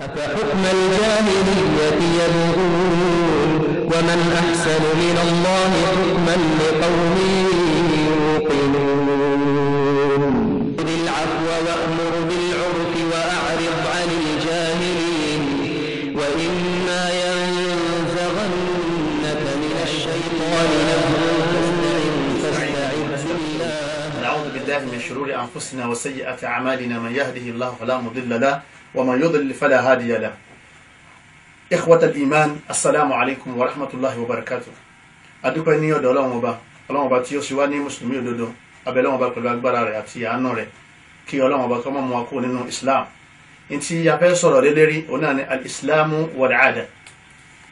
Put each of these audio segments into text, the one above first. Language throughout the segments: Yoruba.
أفحكم الجاهلية يبغون ومن أحسن من الله حكما لقوم يوقنون خذ العفو وأمر بالعرف وأعرض عن الجاهلين وإما ينزغنك من الشيطان نعوذ بالله من شرور أنفسنا وسيئات أعمالنا من يهده الله فلا مضل له ومن يضلل فلا هادي له إخوة الإيمان السلام عليكم ورحمة الله وبركاته adúpẹ́ ní ọ̀dọ̀ ọlọ́run ọba ọlọ́run ọba tí ó ṣe wá ní mùsùlùmí òdodo abẹ́ ọlọ́run ọba pẹ̀lú agbára rẹ̀ àti àánú rẹ̀ kí ọlọ́run ọba kó mọ́ mu akó nínú islam ní tí a fẹ́ sọ̀rọ̀ lé lérí òun náà ni alislamu wàlàádà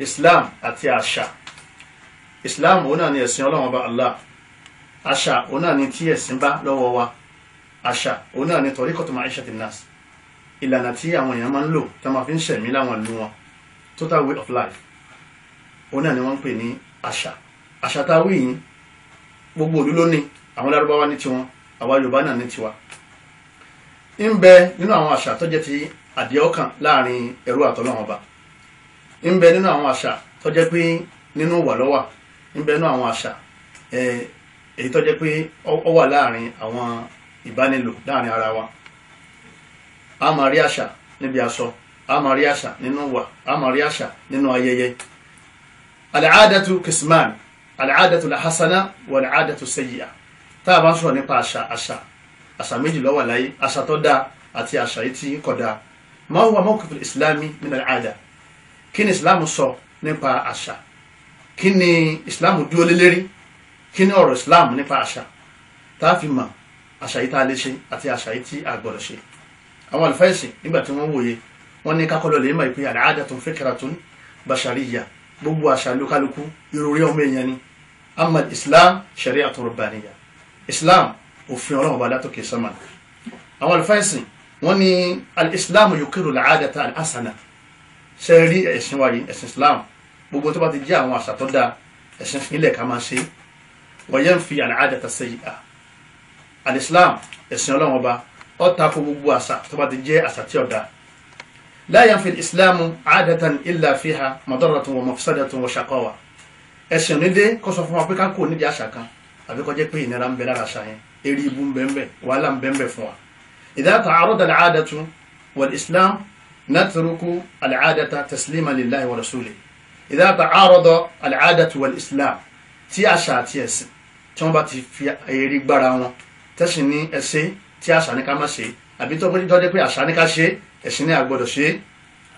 islam àti àṣà islam òun náà ni ẹ̀sìn ọlọ́run ọba allah àṣà òun náà ni tí ẹ̀sìn bá lọ́wọ́ wa àṣà òun náà ni tọ̀ríkọ̀tùmọ̀ aisha tinnas ìlànà tí àwọn èèyàn máa ń lò tí a máa fi ń ṣẹ̀mí láwọn ìlú total way of life òun náà ni wọ́n ń pè ní àṣà àṣà tá a wí yìí gbogbo òlú ló ní àwọn ní tiwọn àwa yorùbá náà ní tiwa ń bẹ nínú àwọn àṣà tó ti láàrin ọba ń bẹ nínú àwọn àṣà tó pé nínú wà lọ́wà ń bẹ nínú àwọn àṣà eh, èyí tó pé a máa rí àṣà níbi aṣọ a máa rí àṣà nínú wà a máa rí àṣà nínú ayẹyẹ al'adatu kisman al'adatu lahasana wa al'adatu sayyi'a tá a bá ń sọ̀rọ̀ nípa àṣà àṣà àṣà méjì ló wà láyé àṣà tó dáa àti àṣà yìí tí kò dáa ma huwa mawqif al-islami min al-'ada kí ni islam sọ nípa àṣà kí ni islam dúró lé lérí kí ni ọ̀rọ̀ islam nípa àṣà tá a fi mọ̀ àṣà yìí tá a lè ṣe àti àṣà yìí tí a gbọ́dọ̀ ṣe àwọn àlùfáìsì nígbà tí wọ́n wòye wọ́n ní kákọ́ lọ́lẹ̀ ìmọ̀ ìpè al'adatun fikratun bashariyya gbogbo àṣà lókàlùkù ìròrí ọmọ èèyàn ni amma islam shari'atun rabbaniyya islam òfin ọlọ́run ọba látòkè sọ́mà àwọn àlùfáìsì wọ́n ní al'islam yukiru al'adata al'asana ṣe rí ẹ̀sìn wáyé ẹ̀sìn islam gbogbo tó bá ti jẹ́ àwọn àṣà tó dáa ẹ̀sìn ìpínlẹ̀ ká máa ṣe wọ́n yẹn fi al'adata sayyi'a al'islam ẹ̀sìn ọlọ́run ọ̀tá kó gbogbo àṣà tó bá ti jẹ́ àṣà tí ọ̀dà la yanfil islamu aadatan illa fiha madaratun wa mafsadatun wa shaqawa ẹ̀sìn nídé kó sọ fún wa pé ká kúrò nídìí àṣà kan àbí kó jẹ́ pé ìnira ń bẹ lára àṣà yẹn eré ibu ń bẹ ń bẹ wàhálà ń bẹ ń bẹ fún wa idha ta'arada al-aadatu wal islam natruku al-aadata taslima lillahi wa rasulihi tí àṣà ní ká má ṣe àbí tó bójú tọ́jú pé àṣà ní ká ṣe ẹ̀sìn ní àgbọ̀dọ̀ ṣe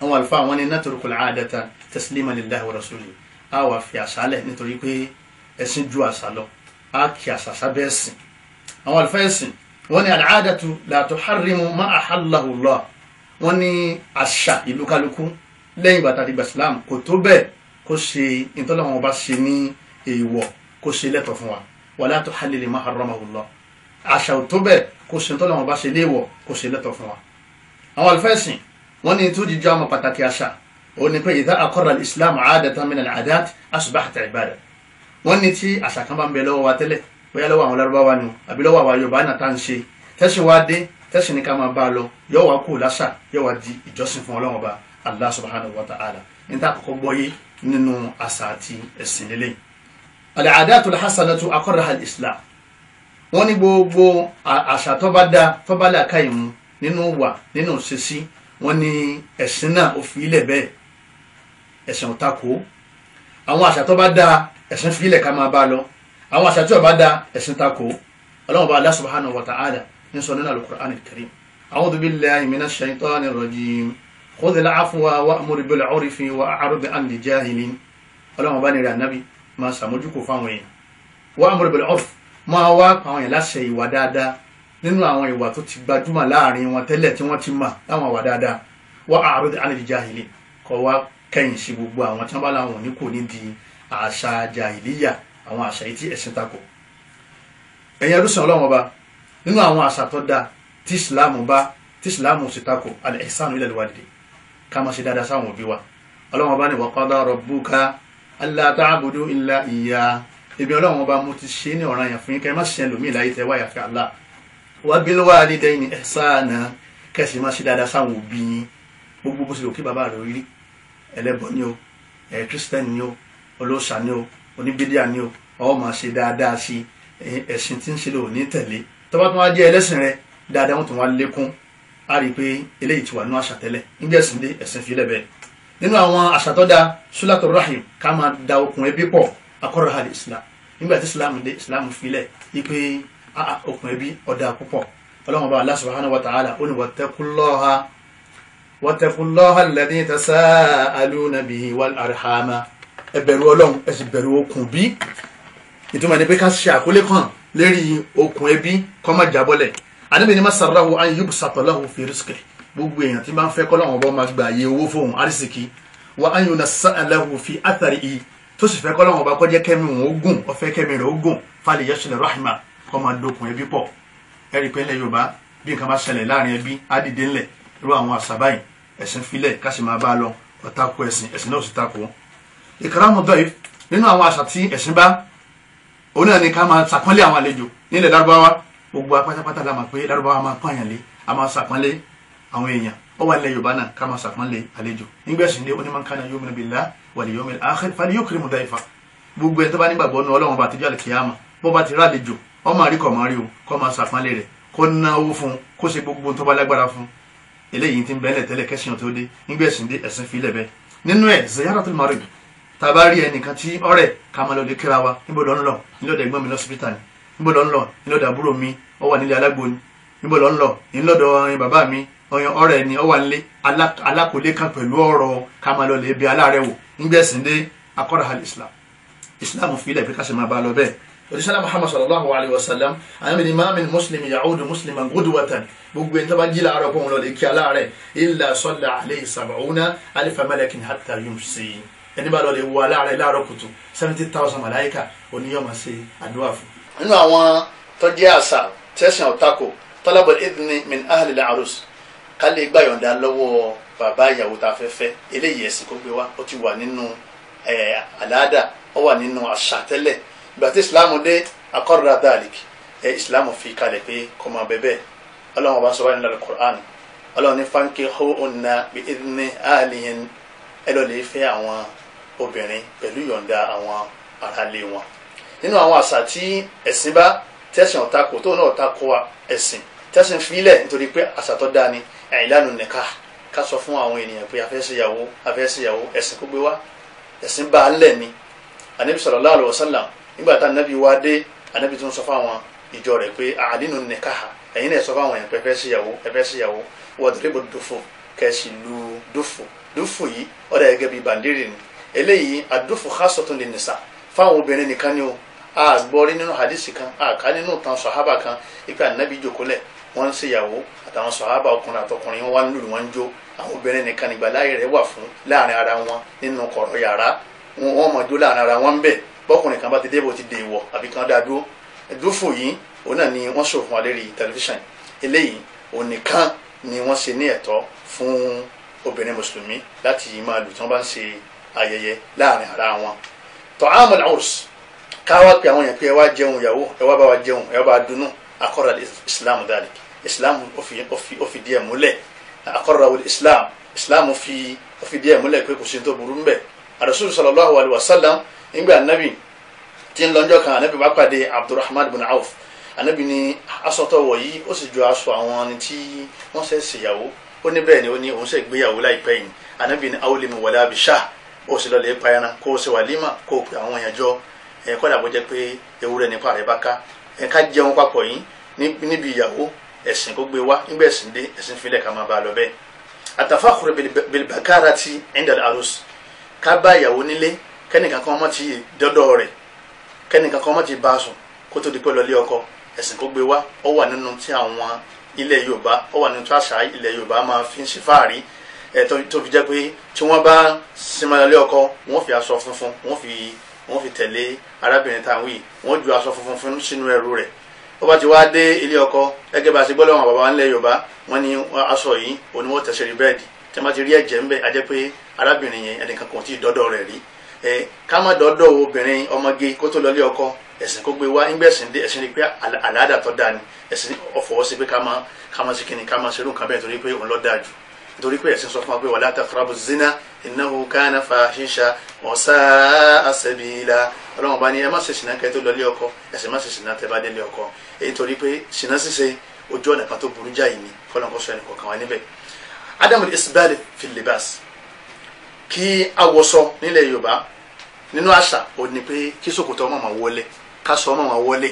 àwọn àlùfáà wọn ni natruku al-aadata taslima lillahi wa rasuli a wà fi àṣà lẹ̀ nítorí pé ẹ̀sìn ju àṣà lọ a kì àṣà sábẹ́ ẹ̀sìn àwọn àlùfáà ẹ̀sìn wọn ni al-aadatu la tuharrimu ma ahallahu Allah wọn ni àṣà ìlú lẹ́yìn bàtà kò tó bẹ́ẹ̀ kó ṣe tọ́lọ́ wọn bá ṣe léèwọ̀ kó ṣe lẹ́tọ̀ fún wa. àwọn àlùfẹ́sìn wọn ní tún jíjọ ọmọ pàtàkì àṣà ó ní pé ìdá àkọ́rọ̀ islam àádẹ́tàn min al-'adat asbahat ibada wọn ní tí àṣà kan bá ń bẹ lọ́wọ́ wa tẹ́lẹ̀ bóyá lọ́wọ́ àwọn lárúbáwá ni àbí lọ́wọ́ àwọn yorùbá náà tá à ń ṣe tẹ́sìn wá dé tẹ́sìn ní ká máa bá a lọ yóò wá kú láṣà yóò wá di ìjọsìn fún ọlọ́run ọba allah subhanahu wa ta'ala ní tá àkọ́kọ́ nínú àṣà àti ẹ̀sìn lélẹ́yìn. al-'adat al-hasanatu aqarraha al-islam wọ́n ní gbogbo àṣà tó bá da tó bá làákà ìmú nínú wà nínú ṣíṣí wọ́n ní ẹ̀sìn náà ó fi ilẹ̀ bẹ́ẹ̀ ẹ̀sìn ò takò àwọn àṣà tó bá da ẹ̀sìn fi ilẹ̀ ká máa bá lọ àwọn àṣà tí ò bá da ẹ̀sìn takò ọlọ́run bá Allah subhanahu wa ta'ala ní sọ nínú al-Qur'an al-Karim a'udhu billahi minash shaitani rajim khudhil afwa wa'mur bil 'urfi wa'rid 'anil jahilin ọlọ́run bá nira ànábì máa ṣàmójúkò fáwọn èèyàn wa'mur bil 'urfi máa wá àwọn yẹn láṣẹ ìwà dáadáa nínú àwọn ìwà tó ti gbajúmọ̀ láàrin wọn tẹ́lẹ̀ tí wọ́n ti mọ̀ láwọn àwà dáadáa wọ́n àárọ̀ alẹ́dí jahili kọ́ wá kẹ́yìn sí gbogbo àwọn tí wọ́n bá láwọn òní kò ní di àṣà jahiliya àwọn àṣà yìí tí ẹ̀sìn takò ẹ̀yin ẹrú sàn ọlọ́wọ́n ba nínú àwọn àṣà tó dáa tí ìsìláàmù bá tí ìsìláàmù sì takò al-ihsanu ila al ká máa ṣe dáadáa sáwọn òbí wa ọlọ́wọ́n bá ní wa qada rabbuka èmi ọlọ́run ọba mo ti ṣe ní ọ̀ranyàn fún yín kẹ́ má ṣe ẹlòmíì láyé tẹ́ wáyà fẹ́ Allah wa bil walidayni ihsana kẹ́sì má ṣe dáadáa sáwọn òbí yín gbogbo bó ṣe lò kí bàbá rẹ̀ rí ẹlẹ́bọ ni o ẹ̀ kírísítẹ́nì ni o olóòṣà ni o oníbídíà ni o ọ máa ṣe dáadáa sí ẹ̀sìn tí ń ṣe lò ní tẹ̀lé tọ́ba tó wá jẹ́ ẹlẹ́sìn rẹ dáadáa wọn tó wá lékún rahim ká máa akọrọ hali islam nígbà tí islam dé islam filẹ̀ ipe okùn ẹbí ọ̀dà púpọ̀ ọlọ́run ọba Allah subhanahu wa ta'ala ó ní wattaqullaha wattaqullaha alladhi tasa'aluna bihi wal arhama ẹ bẹ̀rù ọlọ́run ẹ sì bẹ̀rù okùn bí ìtumọ̀ ní pé ká ṣe àkólé kan lérí okùn ẹbí kọ́ má jábọ́lẹ̀ àdébìnrin má sàráwó ayé yóò sàtọ̀láwó fi rísíkì gbogbo èèyàn tí bá ń fẹ́ kọ́ lọ́wọ́ máa gbà yé owó fóun arísìkì wà á yóò fi àtàrí tó sì fẹ́ kọ́ lọ́wọ́n ọba kọjá kẹ́mi òun ogun ọ̀fẹ́ kẹ́mi rẹ̀ ogun falẹ̀ yẹ́sùlẹ̀ rahima kọ́ máa dokùn ẹbí pọ̀ ẹ̀rí pé ilẹ̀ yorùbá bí nǹkan bá ṣẹlẹ̀ láàrin ẹbí á dìde ńlẹ̀ irú àwọn àṣà báyìí ẹ̀sìn filẹ̀ ká sì máa bá a lọ ọ̀tako ẹ̀sìn ẹ̀sìn náà sì tako. ìkàràmù dọ́yìí nínú àwọn àṣà tí ẹ̀sìn bá òun ni ká máa ṣàpọ́nlé àwọn àlejò nílẹ̀ lárúbáwá gbogbo apátápátá la mọ̀ pé lárúbáwá máa ó wà lẹ yorùbá náà ká máa sàpọ́nlé àlejò nígbẹ̀sìn lé onímọ̀ kánà yóò mìíràn bìlá wàlẹ̀ yóò mìíràn àáxẹ́ fani yóò kiri mu dáìfà gbogbo ẹ̀ tó bá nígbàgbọ́ nu ọlọ́run bá tijọ́ àlùkìyàmà bó bá ti rà àlejò ọmọ àríkọ̀ máa rí o kọ́ máa sàpọ́nlé rẹ̀ kó náwó fún kó ṣe gbogbo tó bá lágbára fún eléyìí ti ń bẹ́ẹ̀lẹ̀ tẹ́lẹ̀ kẹ́sìn tó wa níbo lọ ń lọ mi lọ́sibítà ni níbo lọ ń lọ nílò àbúrò mi ó wà nílé alágbo ni níbo ọ̀rẹ́ ni ọ wà nílé alákòólé kan pẹ̀lú ọ̀rọ̀ kamalọ́lẹ̀ ibi aláàrẹ̀ wò nígbẹ̀sìn dé akọ́ra hal islam islam fi ilẹ̀ pé ká sì máa bá a lọ bẹ́ẹ̀ òṣìṣẹ́lá muhammad sallallahu alayhi wa sallam àwọn imamin muslim yahudu musliman gudwatan gbogbo ẹni tó bá jí láàárọ̀ pọ̀ wọn lọ lè kí aláàrẹ̀ illa salla alayhi sab'una alifa malakin hatta yumsi ẹni bá lọ lè wo aláàrẹ̀ láàárọ̀ kùtù seventy thousand malaika oníyọ̀mọ̀ sí àdúrà fún. nínú àwọn tọ́jú àṣà tẹ̀sán ọ̀tako talabal idni min ahli al-arus ká lè gbàyọ̀ǹda lọ́wọ́ bàbá ìyàwó tá a fẹ́ fẹ́ eléyìí ẹ̀sìn kó gbé wá ó ti wà nínú àlàádà ó wà nínú àṣà tẹ́lẹ̀ ìgbà tí ìsìláàmù dé akọ́rọ̀dá dàlík ẹ ìsìláàmù fi kalẹ̀ pé kọ́ máa bẹ́ bẹ́ẹ̀ ọlọ́run ọba sọ wáyé nílẹ̀ kọ́ránì ọlọ́run ní fáńkì hó ọ̀nà bí ẹni àlìyẹn ẹ lọ lè fẹ́ àwọn obìnrin pẹ̀lú yọ̀ǹda àwọn aráalé wọn nínú àwọn àṣà tí ẹ̀sìn bá tẹ̀sìn ọ̀tako tó náà ọ̀tako ẹ̀sìn tẹ̀sìn fílẹ̀ nítorí pé àṣà tó dáa ni ìlànà nìka ká sọ fún àwọn ènìyàn pé afẹ́sẹ̀yàwó afẹ́sẹ̀yàwó ẹ̀sìn kó gbé wá ẹ̀sìn bá a lẹ̀ ni anabi sallallahu alaihi wasallam nígbà tá anabi wá dé anabi tó ń sọ fáwọn ìjọ rẹ̀ pé àdínú nìka ẹ̀yin náà sọ fáwọn èèyàn pé ẹfẹ́sẹ̀yàwó ẹfẹ́sẹ̀yàwó wọ́dìrìbò dòfò kẹ̀sì lu dòfò dòfò yìí ọ̀dà gẹ́gẹ́ bíi bàndírì ni eléyìí àdòfò khasatun lin nisa fáwọn obìnrin nìkan ni o àgbọ̀rí nínú hadisi kan àká nínú tan sọ̀hábà kan ipe anabi jòkólẹ̀ wọ́n ń ṣèyàwó àtàwọn sọ̀hábà ọkùnrin àtọkùnrin wọn wá ń lùlù wọn ń jó àwọn obìnrin nìkan nígbà láyè rẹ̀ wà fún láàrin ara wọn nínú kọ̀rọ̀ yàrá wọn mọ̀ jó láàrin ara wọn ń bẹ̀ bọ́kùnrin kan bá ti débò ti dè àbí kan dá dúró dúfò yìí òun náà ni wọ́n sọ fún wa tẹlifíṣàn eléyìí òun nìkan ni wọ́n ṣe ní ẹ̀tọ́ fún obìnrin mùsùlùmí láti máa lù tí wọ́n bá ń ṣe ayẹyẹ láàrin ara wọn ta'amul islam ó fi díẹ̀ múlẹ̀ akọrọra wòle islam islam fi ó fi díẹ̀ múlẹ̀ pé kò sí tó burú mbẹ̀ arasul sallallahu alayhi wa sallam nígbà anabi tí ń lọ́njọ́ kan anabi bá pàdé abdulrahman bin auf anabi ni asọ́tọ̀ wọ̀nyí ó sì ju aṣọ àwọn ni tí wọ́n ṣe ṣèyàwó ó ní bẹ́ẹ̀ ni ó ní òun ṣe gbéyàwó láìpẹ́ yìí anabi ni awolé mi wọlé abisha ó sì lọ́lẹ̀ pa ẹran kó o ṣe wàlímà kó o pe àwọn èèyàn jọ ẹ̀ kọ́dà bó jẹ́ pé ewúrẹ́ nípa rẹ̀ bá ká ẹ̀ ká jẹun papọ̀ yìí níbi ìyàwó ẹ̀sìn kó gbé wá nígbà ẹ̀sìn dé ẹ̀sìn filẹ̀ ká máa bá a lọ bẹ́ẹ̀ àtàfàkùrù bilbakara ti indal arus ká bá ìyàwó nílé kẹ́nìkan kan ọmọ ti dọ́dọ̀ rẹ̀ kẹ́nìkan kan ọmọ ti ba a sùn kó tó di pé lọlé ọkọ ẹ̀sìn kó gbé wá ó wà nínú tí àwọn ilẹ̀ yorùbá ó wà nínú tí fi ń ṣe fáàrí tó fi jẹ́ pé tí wọ́n bá simalẹ̀ ọkọ fi aṣọ funfun wọ́n fi wọ́n fi tẹ̀lé arábìnrin táwọn yìí wọ́n ju aṣọ funfun sínú ẹrù rẹ̀ ó bá ti wá dé ilé ọkọ gẹ́gẹ́ bá a ti gbọ́ lọ́wọ́ bàbá wa ńlẹ̀ Yorùbá wọ́n ni aṣọ yìí òní wọ́n tẹ̀sẹ̀ rí bẹ́ẹ̀dì tí wọ́n bá ti rí ẹ̀jẹ̀ ńbẹ ajẹ́ pé arábìnrin yẹn ẹnìkan kò tí ì dọ́dọ̀ rẹ̀ rí ẹ ká má dọ́dọ̀ obìnrin ọmọge kó tó lọlé ọkọ ẹ̀sìn kó gbé wá ńgbẹ́ ẹ̀sìn dé ẹ̀sìn rí pé àlàádà tó dáa ni ẹ̀sìn ọ̀fọ̀wọ́sí pé ká má ká má sí kíni ká má serú nǹkan bẹ́ẹ̀ torí pé òun lọ́ dáa jù torí pé ẹ̀sìn sọ fún wa pé wala taqrabu zina innahu kana fahisha wa sa'a sabila ọlọ́run bá ní ẹ má ṣe ṣìnà kẹ́ tó lọ lé ọkọ ẹ̀sìn má ṣe ṣìnà tẹ́ bá dé lé ọkọ èyí torí pé ṣìnà ṣíṣe ojú ọ̀nà kan tó burú jáì ni fọlọ́nkọ́ sọ ẹnìkan kan wá níbẹ̀ adamu isbali filibas kí awọsọ nílẹ̀ yorùbá nínú àṣà ò ní pé kí ṣòkòtò ọmọ máa wọlé káṣọ ọmọ wọlé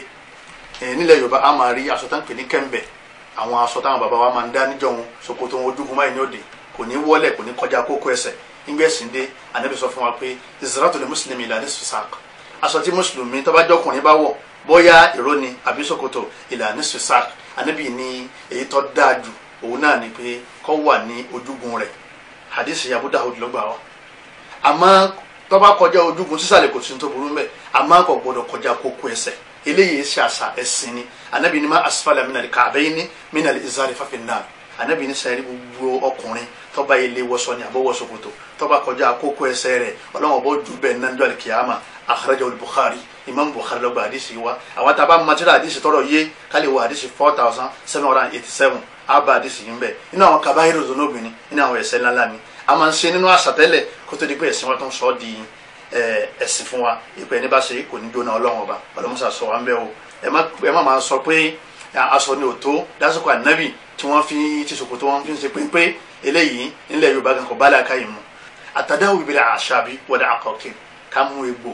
nílẹ̀ yorùbá a máa rí aṣọ tá pè ní kẹ́ńbẹ̀ àwọn aṣọ táwọn bàbá wa máa ń dá níjọ wọn ṣòkòtò wọn ojúgun báyìí ní òde kò ní wọlé kò ní kọjá kókó ẹsẹ̀ nígbà ẹsìn dé anabi sọ fún wa pé isratu lè mùsùlùmí ìlànà sùsàk aṣọ tí mùsùlùmí tó bá jọkùnrin bá wọ bóyá ìró ni àbí ṣòkòtò ìlànà sùsàk anabi ní èyí tó dáa jù òun náà ni pé kó wà ní ojúgun rẹ̀ hadith Abu Dawud ló gbà wá àmọ́ tó bá kọjá ojúgun sísàlẹ̀ kò sí ní tó burú mẹ́ àmọ́ eléyìí ṣe àṣà ẹ̀sìn ni anabi ni ma asfala minali kaabeini minali izari fafinna anabi ni sẹ́yìn gbogbo ọkùnrin tó bá ilé wọṣọ ni àbọ̀ wọṣọ kòtò tó bá kọjá kókó ẹsẹ̀ rẹ̀ ọlọ́wọ́n bọ́ ju bẹ́ẹ̀ náà jọ́lẹ̀ kìyàmà akhrajahu al-Bukhari imam Bukhari ló gba àdìsí wa àwọn tá a bá matira àdìsí tọrọ yé k'ale wọ àdìsí four thousand seven hundred eighty seven a bá àdìsí yín bẹ́ẹ̀ inú àwọn kabayiru zonobi ni inú àwọn ẹ̀ṣẹ̀ ńláńlá ni a máa ń ṣe nínú àṣà di pé ẹ̀sìn wọn tó ń ẹ̀sìn fún wa ìpè ní bá ṣe kò ní jóná ọlọ́run ọba ọlọ́mọṣà sọ wa ń bẹ́ o ẹ má máa sọ pé aṣọ ni ò tó lásìkò ànábì tí wọ́n fi ti ṣòkòtò wọn fi ń ṣe pínpín eléyìí nílẹ̀ yorùbá gan kò bá láàka yìí mu àtàdáwò ìbílẹ̀ àṣàbí wọ́dà àkọ́kẹ́ ká mú egbò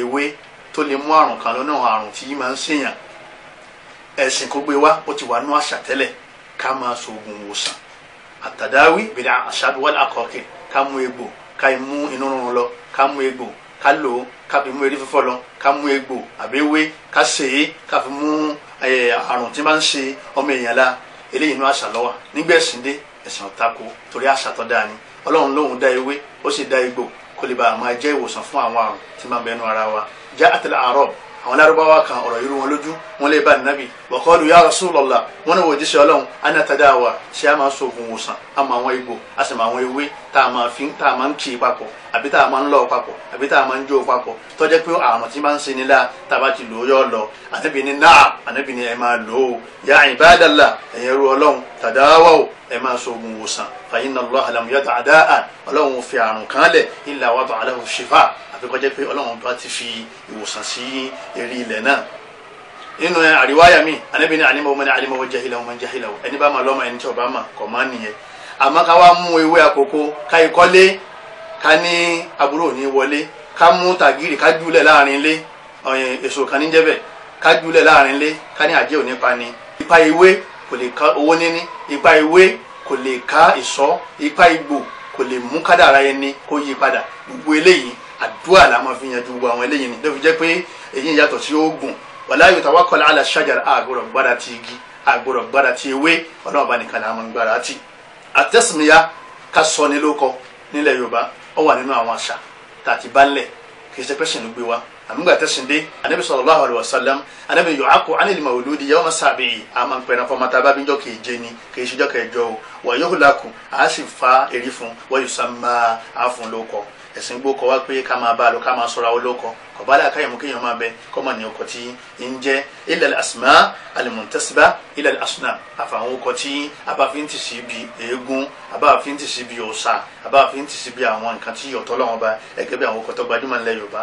ewé tó lè mú àrùn kan lọ́nà àrùn tí yìí máa ń ṣèyàn ẹ̀sìn kó gbé wá ó ti wà nú àṣà tẹ́lẹ̀ ká máa ṣoògùn wòsàn àtàdáwì ìbílẹ̀ àṣàbí wọ́dà àkọ́kẹ́ ká mú egbò ká mu inú rúnrún lọ ká mú egbò ká lò ó ká fi mú eré fífọ́ lọ ká mú egbò àbí ewé ká ṣe é ká fi mú àrùn tí máa ń ṣe ọmọ èèyàn la eléyìí inú àṣà lọ́wọ́ nígbà ẹ̀sìn dé ẹ̀sìn ọ̀tá ko torí àṣà tó dáa ni ọlọ́run lóhùn dá ewé ó sì dá egbò kó lè bàa máa jẹ́ ìwòsàn fún àwọn àrùn tí máa bẹnu ara wa já àtẹlẹ àárọ̀ àwọn lárúbáwá kan ọ̀rọ̀ yìí rú wọn lójú wọn lè bá nàbì wọ́kọ́lù ya Rasulullah wọn ni wọ́n jíṣẹ́ ọlọ́run anátàdáwà ṣé a máa sọ̀gùn wòsàn a máa wọn igbó a sì máa wọn ewé tá a máa fi tá a máa ń kì í papọ̀ àbí tá a máa ń lọ papọ̀ àbí tá a máa ń jó papọ̀ tó jẹ́ pé àrùn tí máa ń ṣe nílá tá a bá ti lò ó yọ lọ ànábì ni náà ànábì ni ẹ máa lò ya ibadallah ẹ̀yẹ ru ọlọ́run o ẹ máa sọ̀gùn wòsàn fa inna Allaha lam yada àdáà ọlọ́run fi àrùn kan lẹ̀ illa wada alahu shifa àfikọ́jẹ́ pé ọlọ́run bá ti fi ìwòsàn sí eré ilẹ̀ náà nínú àríwáyà mi anabi ní alimawo mani alimawo jahilawo mani jahilawo ẹni bá ma lọ́mọ ẹni tí o bá ma kọ̀ máa nìyẹn àmọ́ ká wá mú ewé àkókò ká ìkọ́lé ká ní àbúrò ní wọlé ká mú tàgìrì ká júlẹ̀ láàrin ilé èso kan ní jẹ́bẹ̀ ká júlẹ̀ láàrin ilé ká ní àjẹ́ òní pa ni ipa ewé kò lè ká owó níní ipa ewé kò lè ká ìṣọ́ ipa igbó kò lè mú kádàrá ẹni kó yí padà gbogbo eléyìí àdúrà la ma fi yanjú gbogbo àwọn eléyìí ni ló fi jẹ́ pé èyí yàtọ̀ sí oògùn wàlá yóò tàwa kọ́lá àlà ṣàjàrà àgbọ̀rọ̀ gbára ti igi àgbọ̀rọ̀ gbára ti ewé ọlọ́run bá nìkan náà máa gbára ti àtẹ́sìmíyá ká sọ ní lóko nílẹ̀ yorùbá ó wà nínú àwọn àṣà tàti bánlẹ̀ kì í ṣe pẹ́sìn gbé wa àmúgbà tẹ́sìn dé anabi sallallahu alayhi wa sallam anabi yu'aqu anil mawludi yawma sabi'i a máa ń pẹ́ran fọmọ tá a bá bí jọ́ keje ni kì í ṣe jọ́ kẹjọ o wa yuhlaku a sì fa èrè fún wa yusamma a fún lóko ẹ̀sìn gbó kọ wá pé ká máa bá a lọ ká máa sọra olóko kò bá láàka kéèyàn máa bẹ kọ́ mọ̀ ní ọkọ̀ tí ń jẹ́ ilẹ̀ asùnmá alimuntasiba ilẹ̀ asùnà àfàwọn ọkọ̀ tí abáfin ti sí bi eégún abáfin ti sí bi òòṣà abáfin ti sí bi àwọn nǹkan tí ọ̀tọ̀ lọ́wọ́n bá ẹgẹ́ bí àwọn ọkọ̀ tó gbajúmọ̀ ńlẹ̀ yorùbá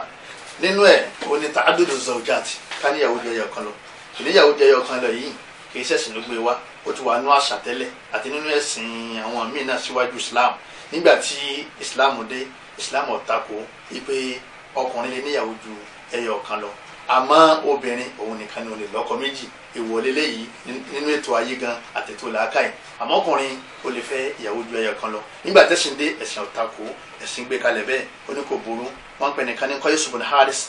nínú ẹ̀ o ní tàádùdù zọjàt ká níyàwó jẹ́ ẹyọ kan lọ ìníyàwó jẹ́ ẹyọ kan lọ yìí kì í ṣẹ̀sìn ló gbé wa ó ti wà nú àṣà tẹ́lẹ̀ àti nínú ẹ̀sìn àwọn míì náà síwájú islam nígbà tí islam dé islam ọ̀tako ipe ọkùnrin lè níyàwó ju ẹyọ kan lọ àmọ́ obìnrin òun nìkan ni òun lè lọ́kọ méjì ìwọlé léyìí nínú ètò ayé gan àtètò làákàyè àmọ́ ọkùnrin ó lè fẹ́ ìyàwó ju ẹyọ kan lọ nígbà tẹ̀sìn dé ẹ̀sìn ọ̀tako ẹ̀sìn gbé kalẹ̀ bẹ́ẹ̀ ó ní kò burú wọ́n pè nìkan ní kọ́yé subun haris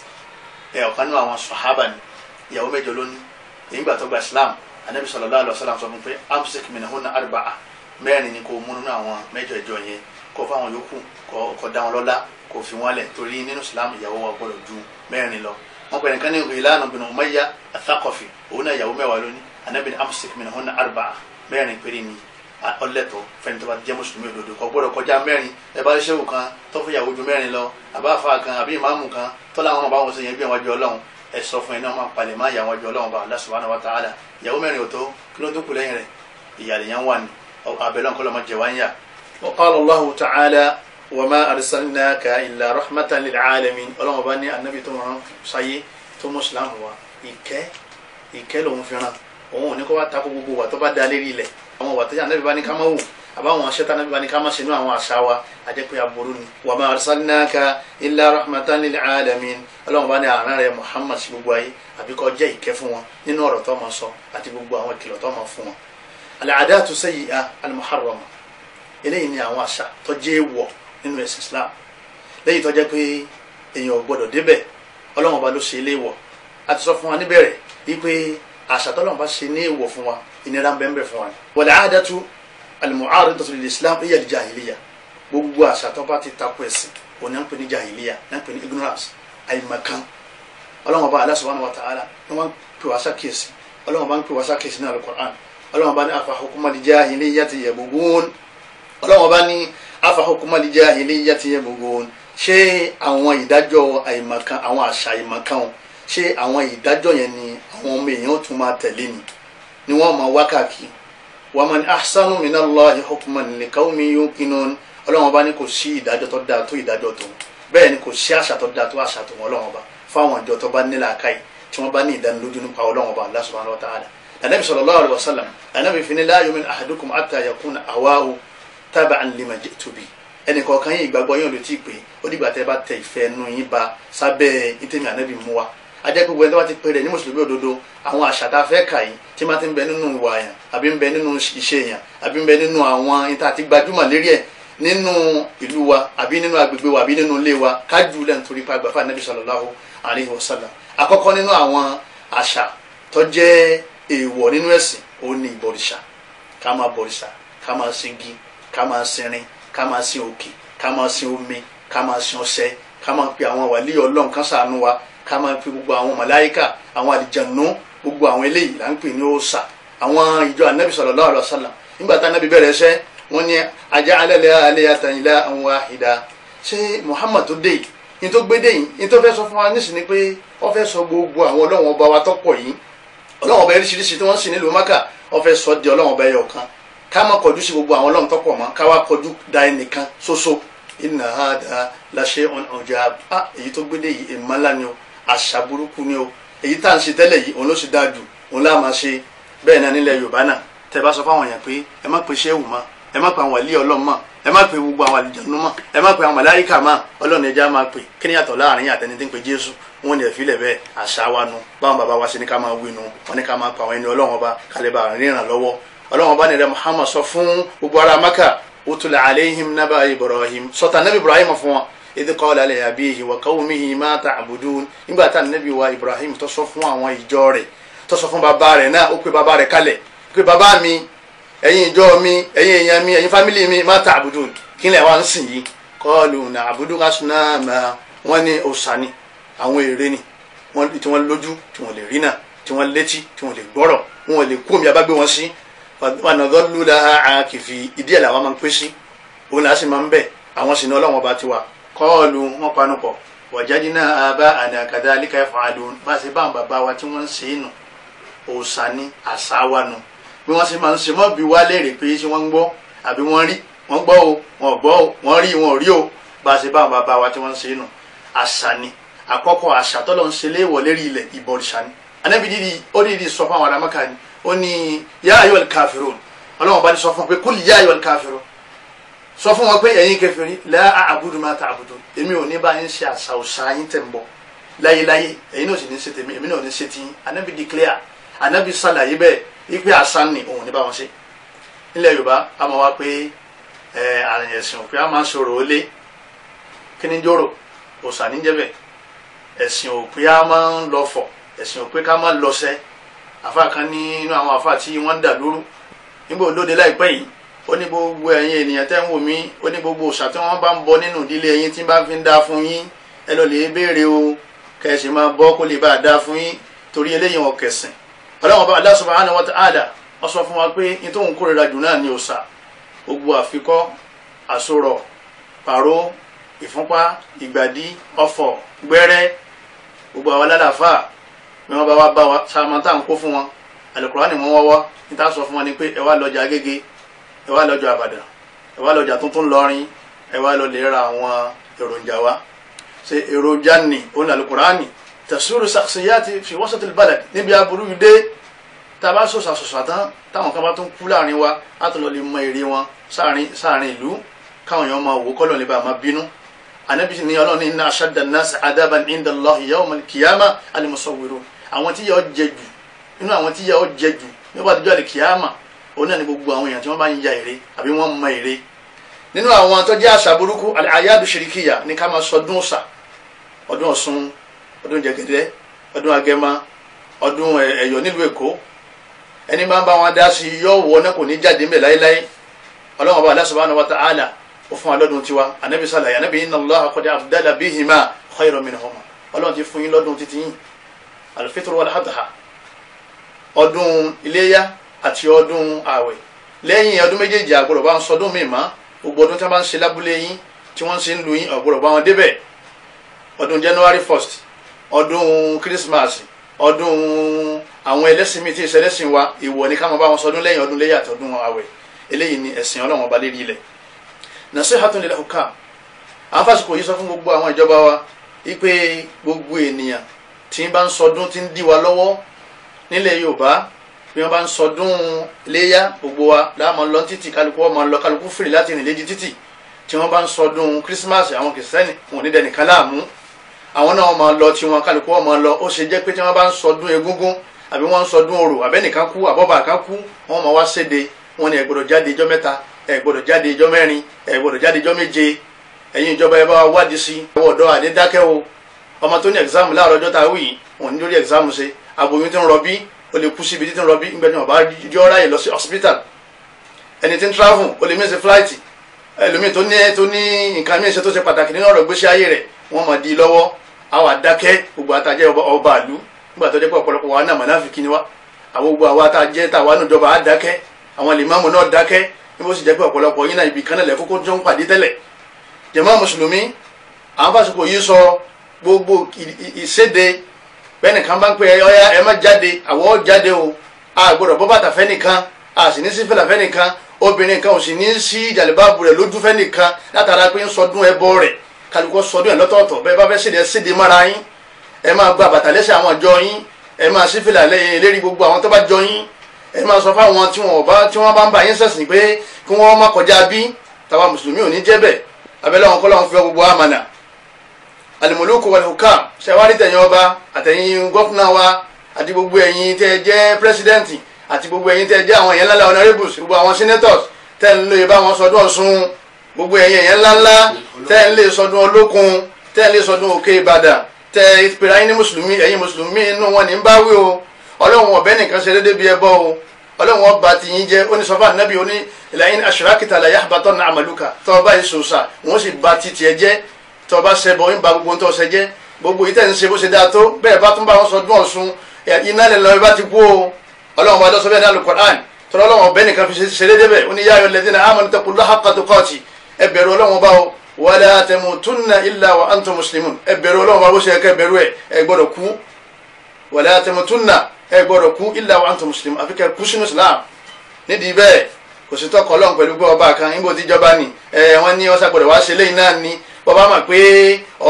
ẹ̀ọ̀kan nínú àwọn sahaba ni ìyàwó mẹ́jọ lónìí nígbà tó gba islam anabi sallallahu alaihi wasallam sọ fún pé amsik arba'a mẹ́rin ni kò múnú àwọn kó fáwọn yòókù kó dá wọn lọ́lá kó fi wọn lẹ̀ torí nínú islam ìyàwó wa gbọ́dọ̀ ju mẹ́rin lọ wọn pẹ̀lú nǹkan ní Ghilān bin Umayya ath-Thaqafi òun náà ìyàwó mẹ́wàá lónìí anabi amsik minhunna arba'a mẹ́rin péré ni ọlẹ́tọ̀ fẹ́ni tó bá jẹ́ mùsùlùmí òdodo kò gbọ́dọ̀ kọjá mẹ́rin ẹ bá ṣẹ́wù kan tó fẹ́ yàwó ju mẹ́rin lọ àbáfa kan àbí ìmáàmù kan tó láwọn ọmọ báwọn sèyàn sọ Allah subhanahu wa ta'ala ìyàwó mẹ́rin ò tó kí ló ń tó kù lẹ́yìn rẹ̀ وقال الله تعالى وما أرسلناك إلا رحمة للعالمين ọlọ́run ọba ní anabi tó rán sáyé tó mùsùlùmí wa ìkẹ́ ìkẹ́ lòun fi ràn òun ò ní kó wá takò gbogbo wa tó bá da lérí ilẹ̀ àwọn wà tẹ́jà anabi bá ní ká má wò àbáwọn aṣẹ́ta anabi bá ní ká má ṣe ní àwọn àṣà wa àjẹpẹ́ aburú ni. وما أرسلناك إلا رحمة للعالمين ọlọ́run ọba ní àárín rẹ̀ Muhammad sí gbogbo ayé àbíkọ́ jẹ́ ìkẹ́ fún wọn nínú ọ̀rọ̀ tó máa sọ àti gbogbo àwọn ìkìlọ̀ tó máa fún wọn. العادات سيئة المحرمة eléyìí ni àwọn àṣà tó jẹ́ nínú ẹ̀sìn Islam lẹ́yìn tó jẹ́ pé èèyàn ò gbọ́dọ̀ débẹ̀ Ọlọ́run ọba ló ṣe léèwọ̀ a ti sọ fún wa níbẹ̀rẹ̀ wípé àṣà tọ́lọ́run bá ṣe ní èèwọ̀ fún wa ìnira ń bẹ́ẹ̀ fún wa ni. wal aadatu al-mu'aaridatu lil-Islam hiya al-jahiliya gbogbo àṣà tó bá ti takò ẹ̀sìn òun náà ń pè ní jahiliya náà pè ní ignorance àìmọ̀kan Ọlọ́run ọba Allah subhanahu wa ta'ala ni wọ́n pè wá sákèsì Ọlọ́run ọba ń pè wá sákèsì ní al-Qur'an Ọlọ́run ọba ní afa hukmal jahiliyyati yabghun ọlọ́wọ́n bá ní afahukumali jahiliyyati yabghun ṣé àwọn ìdájọ́ àìmọ̀kan àwọn àṣà àìmọ̀kan o ṣé àwọn ìdájọ́ yẹn ni àwọn ọmọ èèyàn tún máa tẹ̀lé ni ni wọ́n máa wá káàkiri waman ahsanu minallahi hukman liqawmin yuqinun ọlọ́wọ́n bá ní kò sí ìdájọ́ tó dáa tó ìdájọ́ tó bẹ́ẹ̀ ni kò sí àṣà tó dáa tó àṣà tó ọlọ́wọ́n bá fáwọn ìjọ taba'an lima ji'tu bi ẹnìkọ̀ọ̀kan yìí ìgbàgbọ́ yín ò lè tí ì pé ó dìgbà tẹ́ bá tẹ ìfẹ́ ẹnu yín ba sábẹ́ ìtẹ̀mí ànábì mú wa ajẹ́ pé wẹ́n tó bá ti pè rẹ̀ ní mùsùlùmí òdodo àwọn àṣà tá a fẹ́ kà yìí tí máa ti ń bẹ nínú ìwà yẹn àbí ń bẹ nínú iṣẹ́ yẹn àbí ń bẹ nínú àwọn ìta àti gbajúmọ̀ lérí ẹ̀ nínú ìlú wa àbí nínú agbègbè wa àbí nínú ilé wa kájú lẹ́nu torí pa àgbàfà nàbì sallallahu alaihi wasallam àkọ́kọ́ nínú àwọn àṣà tó jẹ́ èèwọ̀ nínú ẹ̀sìn òun ni ìbọ̀rìṣà ká máa bọ̀rìṣà ká máa ṣe igi ká máa sinrin ká máa sin òkè ká máa sin omi ká máa sin ọṣẹ ká máa pe àwọn wàlí ọlọ́run kan ṣàánú wa ká máa pe gbogbo àwọn màláíkà àwọn àlìjànú gbogbo àwọn eléyìí là ń pè ní òòṣà àwọn ìjọ anabi sallallahu alaihi wasallam nígbà tá anabi bẹ̀rẹ̀ iṣẹ́ wọn ní ajá alẹ́lẹ́ alẹ́ àtàyìnlá àwọn wahida ṣé muhammad tó dé yìí ní tó gbé dé yìí ní tó fẹ́ sọ fún wa nísìnyí pé wọ́n fẹ́ sọ gbogbo àwọn ọlọ́run ọba wa tọ́pọ̀ yìí ọlọ́run ọba eríṣiríṣi tí wọ́n sì nílùú maka wọ́n fẹ́ sọ di ọlọ́run ọba ẹyọ kan ká má kọjú sí gbogbo àwọn ọlọ́run tọ́pọ̀ mọ́ ká wá kọjú da ẹnìkan ṣoṣo iná ha da ọjà a èyí tó gbé dé yìí èèmọ ńlá ni o àṣà burúkú ni o èyí tá à ń ṣe tẹ́lẹ̀ yìí òun ló ṣe dáa jù òun láà máa ṣe bẹ́ẹ̀ náà nílẹ̀ yorùbá náà tẹ bá sọ fáwọn èèyàn pé ẹ má pe ṣéwù mọ́ ẹ má pe àwọn wàlíì ọlọ́run mọ́ ẹ má pe gbogbo àwọn àlùjànnú mọ́ ẹ má pe àwọn màláíkà mọ́ ọlọ́run ẹja máa pe kí ni yàtọ̀ láàrin àtẹni tí ń pe jésù wọn ni ẹ̀fílẹ̀ bẹ́ẹ̀ àṣà wa nu báwọn bàbá wa ṣe ní ká máa wí nu wọn ní ká máa pa àwọn ẹni ọlọ́run ọba kálẹ̀ bá ríran lọ́wọ́ ọlọ́run bá nìrẹ muhammad sọ fún gbogbo ara maka utula aleihim naba ibrahim sọta nabi ibrahim fún wọn idh qala li abihi wa qawmihi ma ta'budun nígbà tá nabi wa ibrahim tó sọ fún àwọn ìjọ rẹ̀ tó sọ fún bàbá rẹ̀ náà ó pe bàbá rẹ̀ kalẹ̀ pé bàbá mi ẹ̀yin ìjọ mi ẹ̀yin èèyàn mi ẹ̀yin fámìlì mi ma ta'budun kí ni àwa ń sìn yìí qalu na'budu asnama wọ́n ní òòṣà ni àwọn ère ni tí wọ́n lójú tí wọ́n lè rí náà tí wọ́n létí tí wọ́n lè gbọ́rọ̀ wọ́n lè kú omi abágbé wọn sí wànàdọ́lù làhà àkìfì ìdí ẹ̀ làwọn máa ń pín sí òun làá sì máa ń bẹ̀ àwọn sì ní ọlọ́wọ́n bá ti wà kọ́ọ̀lù wọn panupọ̀ wàjáde náà àbá àdá kàdá àlíkà ẹ̀fọ́ àdùn bá a ṣe bá àwọn bàbá wa tí wọ́n ń ṣe é nù òòṣà ni àṣà wa nù bí wọ́n ṣe máa ń ṣe mọ́ bí wá léèrè pé ṣé wọ́n ń gbọ́ àbí wọ́n rí wọ́n gbọ́ o wọ́n gbọ́ o wọ́n rí wọn ò rí o bá a ṣe bá àwọn bàbá wa tí wọ́n ń ṣe é nù àṣà ni àkọ́kọ́ àṣà tọ́lọ́ ń ṣe léèwọ̀ lérí ilẹ̀ ìbọ̀rìṣà ni anábìdí ó dìdí sọ fún àwọn aramaka ni ó ní yá ayọ̀ káfíró ọlọ́wọ́n bá ní sọ fún wọn pé kúlì yá ayọ̀ káfíró sọ fún wọn pé ẹ̀yin kèfèrí la àbùdù máa ta àbùdù èmi ò ní bá yín ṣe àṣà òṣà yín tẹ̀ ń bọ̀ láyéláyé ẹ̀yin náà sì ní ṣe tèmi èmi náà ní ṣe tiyín anábì declare anábì ṣàlàyé bẹ́ẹ̀ ipe àṣà ni òun ní bá wọn ṣe nílẹ̀ yorùbá a máa wá pé àrùn o òpin a máa ṣòro ó lé kí ni jòrò òṣà níjẹ́ bẹ́ẹ̀ ẹ̀sìn òpin a máa ń lọ fọ̀ ẹ̀sìn òpin àfa kan ní inú àwọn àfa tí wọ́n ń dà lóru nígbà olóde láìpẹ́ yìí ó ní gbogbo ẹ̀yin ènìyàn tẹ́ ń wò mí ó ní gbogbo òòṣà tí wọ́n bá ń bọ nínú ìdílé ẹ̀yin tí bá fi ń dá fún yín ẹ lọ lè béèrè o kẹ̀sì máa bọ́ kó lè bá a dá fún yín torí eléyìí wọn kẹ̀sìn ọlọ́wọ́n bá Allah subhanahu wa ta'ala wọ́n sọ fún wa pé ní tóun kórìíra jù náà ní òòṣà gbogbo àfikọ́ àsorọ̀ pàró ìfúnpá ìgbàdí ọ̀fọ̀ gbẹ́rẹ́ gbogbo àwọn alálàáfáà bí wọ́n bá wá bá wa sáàmà tá à ń kó fún wọn àlùkùránì ni wọ́n wọ́wọ́ ní tá a sọ fún wọn ni pé ẹ wá lọ́jà Agége ẹ wá lọ́jà Àbàdàn ẹ wá lọ́jà tuntun lọ́rin ẹ wá lọ lè ra àwọn èròjà wa ṣe èròjà ni òun àlùkùránì tẹ̀sùrù sàṣeyàtì fi wasatil balad níbi aburú yìí dé tá a bá sọ sàṣọṣà tán táwọn kan bá tún kú láàrin wa á tún lọ lè mọ èrè wọn sáàrin sáàrin ìlú káwọn èèyàn máa wò kọ́lọ̀ lè bá máa bínú anabi ni ọlọ́run ní inna ashadda an-nas adaban inda Allahi yawm al-qiyamah àwọn tí yẹ ọ jẹ jù nínú àwọn tí yẹ ọ jẹ jù nípa àtijọ́ àlè kìáàmà òun náà ni gbogbo àwọn èèyàn tí wọ́n bá ń ya èrè àbí wọ́n mọ èrè nínú àwọn tó jẹ́ àṣà burúkú àyáàdù ṣèríkìyà ní ká máa sọdún ọ̀sà ọdún ọ̀ṣun ọdún jẹ̀gẹ̀dẹ̀ ọdún agẹmọ ọdún ẹ̀yọ̀ nílùú èkó ẹni máa ń bá wọn dá sí yọ wọ náà kò ní jáde ńbẹ láéláé ọlọ́wọ́n bá Allah subhanahu wa ta'ala ó fún wa lọ́dún tiwa anabi sàlàyé anabi inna Allaha qad abdala bihima khayran minhuma ọlọ́run ti fún yín lọ́dún títí yín alifitiri wala hadaha ọdún iléyà àti ọdún àwẹ̀ lẹ́yìn ọdún méjèèjì àgbọ̀dọ̀ bá ń sọdún míì mọ́ gbogbo ọdún tí wọ́n bá ń ṣe lábúlé yín tí wọ́n ṣe ń lu yín ọ̀gbọ̀dọ̀ bá wọn débẹ̀ ọdún january first ọdún christmas ọdún àwọn ẹlẹ́sìn mi tí ì ṣẹlẹ́sìn wa ìwọ ni ká máa bá wọn sọdún lẹ́yìn ọdún léyà àtọdún àwẹ̀ eléyìí ni ẹ̀sìn ọlọ́run ọba lérí ilẹ̀ nasihatun lil hukam àwọn fásitì kò yí sọ fún gbogbo àwọn ìjọba wa wípé gbogbo ènìyàn tí wọ́n bá ń sọdún tí ń dí wa lọ́wọ́ nílẹ̀ yorùbá bí wọ́n bá ń sọdún léyà gbogbo wa láàmú lọ títì kálukú ọmọ lọ kálukú fìrì láti rìn léjì títì tí wọ́n bá ń sọdún kírísímàsì àwọn kìrìsìtẹ́nì wọn ò ní dẹnìkan láàmú àwọn náà máa lọ tí wọn kálukú ọmọ lọ ó ṣe jẹ́ pé tí wọ́n bá ń sọdún egúngún àbí wọ́n ń sọdún orò àbẹ́nìkan kú àbọ́bà kan kú wọ́n máa wá séde wọn ni ẹ jáde ijọ́ mẹ́ta ẹ jáde ijọ́ mẹ́rin ẹ jáde ijọ́ méje ẹ̀yin ìjọba ẹ bá wádìí sí ọwọ́ ọ̀dọ́ àdídákẹ́ ọmọ tó ní ẹ̀gzámù láàárọ̀ ọjọ́ tá a wí yìí wọn ní lórí ẹ̀gzámù ṣe aboyún tí ń rọbí ó lè kú síbi tí ń rọbí ń gbẹdùn ọba yọ ráyè lọ sí hospital ẹni tí ń travel ó lè mí ṣe flight ẹlòmíì tó ní tó ní nǹkan mí ṣe tó ṣe pàtàkì nínú ọ̀rọ̀ ìgbésí ayé rẹ̀ wọ́n mọ̀ di lọ́wọ́ àwọn àdákẹ́ gbogbo àtàjẹ́ ọba àlú nígbà tó jẹ́ pé ọ̀pọ̀lọpọ̀ wa náà mọ̀náfíkì ni wá àwọn gbogbo àwa àtàjẹ́ tàwa náà jọba àdákẹ́ àwọn lèmọ́ọ̀mù náà dákẹ́ níbo sì jẹ́ pé ọ̀pọ̀lọpọ̀ yín náà ibì kan náà lẹ́kọ́kọ́ tó ń pàdé tẹ́lẹ̀ jàmá mùsùlùmí àwọn fásitì yìí sọ gbogbo ìséde bẹ́nìkan bá ń pè ọ́yá ẹ má jáde àwọ̀ jáde o a gbọ́dọ̀ bọ́ bàtà fẹ́nìkan a sì ní sí fìlà fẹ́nìkan obìnrin kan ò sì ní sí jàlẹ́bàbù rẹ̀ lójú fẹ́nìkan látara pé ń sọdún ẹbọ rẹ̀ kálukú sọdún ẹ̀ lọ́tọ̀ọ̀tọ̀ bẹ́ẹ̀ bá fẹ́ séde séde mára yín ẹ máa gba bàtà lẹ́sẹ̀ àwọn àjọ yín ẹ máa sí fìlà lérí gbogbo àwọn tó bá jọ yín ẹ máa sọ fáwọn tí wọn bá tí wọn bá ń bá yín ṣẹ̀sìn pé kí wọ́n má kọjá bí tàwa mùsùlùmí ò ní jẹ́ bẹ́ẹ̀ abẹ́lẹ́ wọn kọ́ làwọn fi gbogbo àmàna alimuluku walihukam ṣẹwárí tẹ̀yìn ọba àtẹ̀yìn gọ́fúnà wa àti gbogbo ẹ̀yin tẹ́ jẹ́ pírẹsidẹ́ǹtì àti gbogbo ẹ̀yin tẹ́ jẹ́ àwọn èèyàn ńláńlá honourables gbogbo àwọn senators tẹ́ ń lè bá wọn sọdún ọ̀ṣun gbogbo ẹ̀yin èèyàn ńláńlá tẹ́ ń lè sọdún olókun tẹ́ ń lè sọdún òkè ìbàdàn tẹ́ ìpèrè ayé ní mùsùlùmí ẹ̀yin mùsùlùmí inú wọn ní ń bá wí o ọlọ́run ọ̀bẹ nìkan ṣe déédéé bí ẹbọ o ọlọ́run ọba ti yín jẹ́ oníṣọ́fà nábì oní ìlànà aṣọ́rákìtà làyà àbátọ́ àmàlùkà tọ́ ọba yìí sòsà wọ́n sì ba ti tiẹ̀ jẹ́ tó bá ṣẹbọ ń ba gbogbo tó ṣe jẹ́ gbogbo yìí tẹ̀ ń ṣe bó ṣe dáa tó bẹ́ẹ̀ bá tún bá wọn sọdún ọ̀ṣun iná lè lọ ibà ti kú o ọlọ́run bá dọ́sọ bẹ́ẹ̀ ní alukur'an tọ́lá ọlọ́run ọ̀bẹ nìkan fi ṣe déédéé bẹ́ẹ̀ oníyá ayọ̀ lẹ́dínà amanu taqullaha haqqa tuqati ẹ bẹ̀rù ọlọ́run bá o wala tamutunna illa wa antum muslimun ẹ bẹ̀rù ọlọ́run bá bó ṣe kẹ́ bẹ̀rù ẹ ẹ gbọ́dọ̀ kú wala tamutunna ẹ gbọ́dọ̀ kú illa wa antum muslimun àfi kú sínú islam nídìí bẹ́ẹ̀ kò sí pẹ̀lú gbọ́ ọba kan níbo tíjọba ni ẹ wọ́n ní wọ́n sàgbọ́dọ̀ wá ṣe lẹ́yìn náà ni bọ́ba mọ̀ pé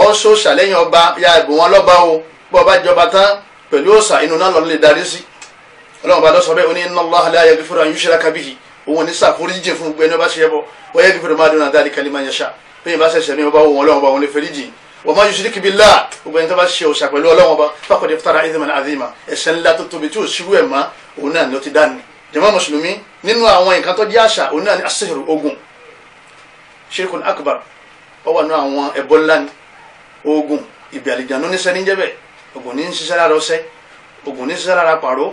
ọ̀ṣọ́ ṣàlẹ́yìn ọba ya ẹ̀bùn wọn lọ́ba o bọ́ba jọba tán pẹ̀lú òòṣà inú náà lọ́ọ́ lè darí sí ọlọ́run bá lọ́sọ̀ bẹ́ẹ̀ ó ní inna Allaha la yaghfiru an yushraka bihi òun ní sàforíjì fún gbẹ ní ọba ṣe bọ wa yaghfiru ma duna dhalika liman yasha bẹ́ẹ̀ bá ṣẹ̀ṣẹ̀ mi ọba òun ọlọ́run ọba òun lè fẹ́ríjì wa ma yushrik billah gbogbo ẹni tó bá ṣe òòṣà pẹ̀lú ọlọ́run ọba faqad iftara ithman azima ẹ̀ṣẹ̀ ńlá tó tóbi tí ò ṣubú ẹ̀ má òun náà ló ti dání jàmá mùsùlùmí nínú àwọn nǹkan tó àṣà òun náà ní asihru ogun shirkun akbar ó wà nù àwọn ẹbọ ńlá ni oògùn ìbí àlìjánu níṣẹ́ níjẹ́ bẹ́ẹ̀ oògùn ní ṣiṣẹ́ lára ọṣẹ oògùn ní ṣiṣẹ́ lára pàró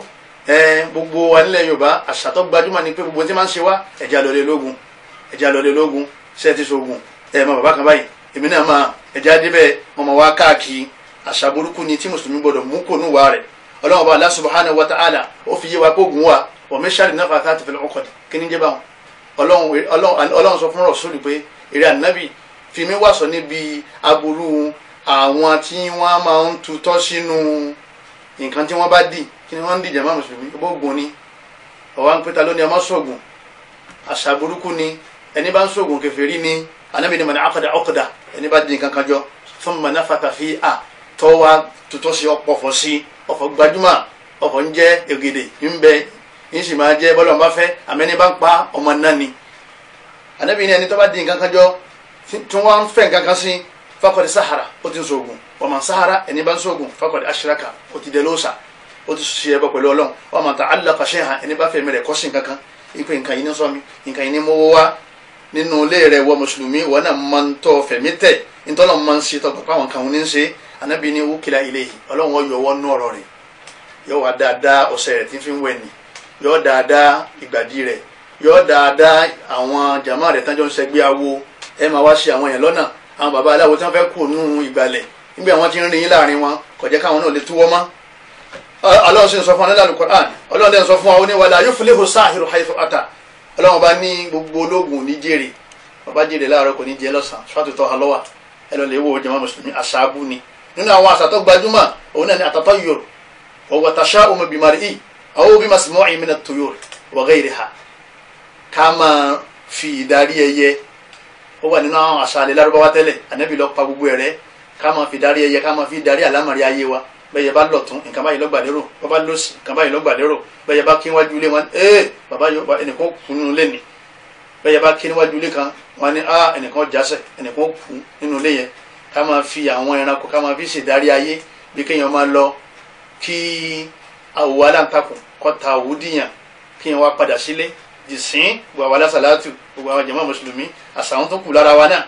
ẹ gbogbo wa nílẹ̀ yorùbá àṣà tó ni pé gbogbo tí máa ń ṣe wá ẹ̀já lọ́lẹ̀ lógun ẹ̀já lọ́lẹ̀ lógun ṣe ti ṣoògùn ẹ̀ mọ bàbá kan báyìí èmi náà máa ẹ̀já débẹ̀ ọmọ wa káàkiri àṣà burúkú ni tí mùsùlùmí gbọdọ̀ mú kó nù wá rẹ̀ ọlọ́run bá Allah subhanahu wa ta'ala ó fi yé wa kó gùn wa ọmọ ìṣàlẹ̀ náà fàtà àti fẹlẹ́ ọkọ̀ kí ni jẹ́ báwọn ọlọ́run sọ fún rọ̀ sólù pé èrè ànábì fi mí wàsọ níbi aburú àwọn tí wọ́n máa ń tutọ́ sínú nǹkan tí wọ́n bá dì kí ni wọ́n ń dìjà máa mùsùlùmí ó bó gùn ni ọ̀wá ń pété lónìí ọmọ sọ̀gùn àṣà burúkú ni ẹni bá ń sọ̀gùn kèfèrí ni anábì ni mọ̀ ní akọ̀dà ọ̀kọ̀dà ẹni bá di nǹkan jọ fún mọ̀ náà fàtàfí à tọ́wá tutọ́ sí ọ̀pọ̀ fọ́ sí ọ̀fọ̀ gbajúmọ̀ ọ̀fọ̀ ń jẹ́ ègèdè ń bẹ ń sì máa jẹ́ bọ́lọ̀ ń bá ń pa ọmọ náà ni anábì ni ẹni tó bá di nǹkan jọ tí wọ́n fẹ́ kankan sí fakọ̀dé sahara ó ti ń ọmọ sahara ẹni bá ń sọ̀gùn fakọ̀dé aṣiraka ó ti dẹ́lóòsà ó ti ṣe ẹbọ pẹ̀lú ọlọ́run ọmọ ta alaka ṣe hàn ẹni bá fẹ́ mi rẹ̀ kọ́sìn kankan ipe nǹkan yìí ní sọ mi nǹkan yìí ní mowó wá nínú ilé rẹ̀ wọ mùsùlùmí wọn náà máa ń tọ́ fẹ̀mí tẹ̀ ntọ́nà máa ń ṣe tọ́ pàpà àwọn kan ń ṣe anábì ní wúkìlá ilé yìí ọlọ́run yọ wọ́n nú ọ̀rọ̀ rẹ̀ yọ wá dáadáa ọ̀sẹ̀ rẹ̀ tí fi wẹ̀ ni yọ dáadáa ìgbàdí rẹ̀ yọ dáadáa àwọn jàmáà rẹ̀ tán jọ ń ṣẹgbẹ́ awo ẹ máa wá ṣe àwọn yẹn lọ́nà àwọn bàbá aláwo tí wọ́n fẹ́ kú nù ìgbàlẹ̀ nígbà wọn ti ń rin yín láàrin wọn kò jẹ́ káwọn náà lè túwọ́ mọ́ ọlọ́run sì ń sọ fún wa nílẹ̀ alukur'an ọlọ́run dẹ̀ ń sọ fún wa ó ní wàlá yuflihu sáhìrù haythu ata ọlọ́run bá ní gbogbo ológun ní jèrè bàbá jèrè láàárọ̀ kò ní jẹ́ lọ́sàn-án ṣáàtútọ́ tó ká máa fi ìdarí ẹyẹ ó wà nínú àwọn àṣà àlè lárúbáwá tẹ́lẹ̀ ànábì lọ pa gbogbo ẹ̀rẹ́ ká máa fi darí ẹyẹ ká máa fi darí àlámọ̀rí ayé wa bẹ́ẹ̀ yẹ bá lọ̀tún nǹkan báyìí lọ́gbàdérò bá bá lọ́sì nǹkan báyìí lọ́gbàdérò bẹ́ẹ̀ yẹ bá kí wájú ilé wọn ee bàbá yóò ẹnìkan kú nínú ilé ni bẹ́ẹ̀ yẹ bá kí níwájú ilé kan wọn ni a ẹnìkan jásẹ̀ ẹnìkan kú nínú ilé yẹn ká máa fi àwọn ẹranko ká máa fi ṣèdarí ayé bí kéèyàn máa lọ kí àwòwá láǹtakùn kọ́ta òwú kéèyàn wá padà sílé ìsìn gbogbo àwọn alásàlátù gbogbo àwọn jàmá mùsùlùmí àsàwọn tó kù lára wa náà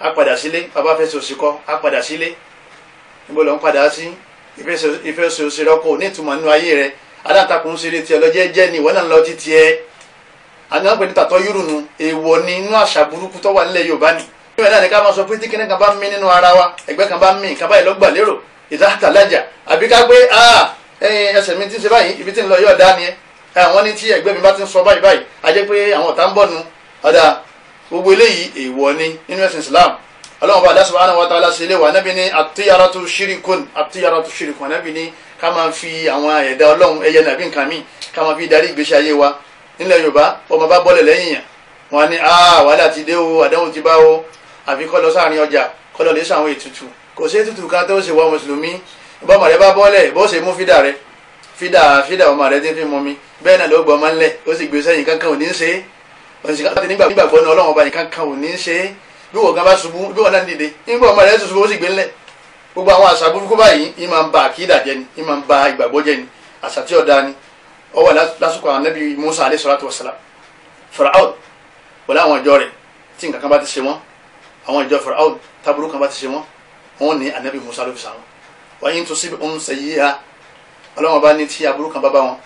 á padà sílé bàbá fẹ́ ṣe òsìkọ́ á padà sílé níbo ló ń padà sí ìfẹ́ ṣe òsìrọ́kọ̀ nítumọ̀ nínú ayé rẹ alátakùn ń ṣeré tiẹ̀ lọ́jẹ́ jẹ́ ni ìwọ náà lọ ti tiẹ̀ àní wọn pè ní tàtọ́ yúrùnù èèwọ̀ ni inú àṣà burúkú tó wà nílẹ̀ Yorùbá ni. ìwé náà ni ká máa sọ pé tí kíní bá mí nínú ara wa ẹgbẹ́ kan bá mí kan báyìí lérò ìdáhàtà lájà àbí pé ẹsẹ̀ mi ti ń ṣe báyìí ibi tí ń lọ yóò dá ni ẹ àwọn ní tí ẹgbẹ́ mi bá ti ń sọ báyìí báyìí a jẹ́ pé àwọn ọ̀tá ń bọ̀ nu ọ̀dà gbogbo eléyìí èèwọ̀ ni nínú ẹ̀sìn Islam ọlọ́run bá Allah subhanahu wa ta'ala ṣe lé wa anábì ní àtúyàrátú ṣírìkún àtúyàrátú ṣírìkún anábì ní ká máa fi àwọn ẹ̀dá ọlọ́run ẹyẹ nàbí nǹkan míì ká máa fi darí ìgbésí ayé wa nílẹ̀ Yorùbá ọmọ bá bọ́lẹ̀ lẹ́yìn yàn wọn ah wàhálà ti dé o àdánwò ti bá o àfi kọ́ lọ sáàrin ọjà kọ́ lọ lè sàwọn ètùtù kò sí ètùtù kan tó ṣe wọ mùsùlùmí bọ́mọ̀ fídà fídà ọmọ rẹ ti fi mọ mi bẹ́ẹ̀ náà ló gbọ́ ọmọ ńlẹ̀ ó sì gbé sẹ́yìn kankan ò ní ṣe é òsìkàtà nígbàgbọ́ ní ọlọ́run ọba nìkan kan ò ní ṣe é bí wọ́n gan bá ṣubú bí wọ́n náà dìde nígbà ọmọ rẹ ti ṣubú ó sì gbé ńlẹ̀ gbogbo àwọn àṣà burúkú báyìí ì máa ń ba àkídà jẹ ni ì máa ń ba ìgbàgbọ́ jẹ ni àṣà tí ọ̀dà ni ó wà lásìkò ànábì Musa alayhi salatu wassalam Fir'aun pẹ̀lú àwọn ìjọ rẹ̀ tí nǹkan kan bá ti ṣe wọ́n àwọn ìjọ Fir'aun táburú kan bá ti ṣe wọ́n wọ́n ní ànábì Musa ló fi sàwọn wọ́n yín tó síbi òun ṣe yíya ọlọ́wọ́n bá ní tí aburú kan bá bá wọn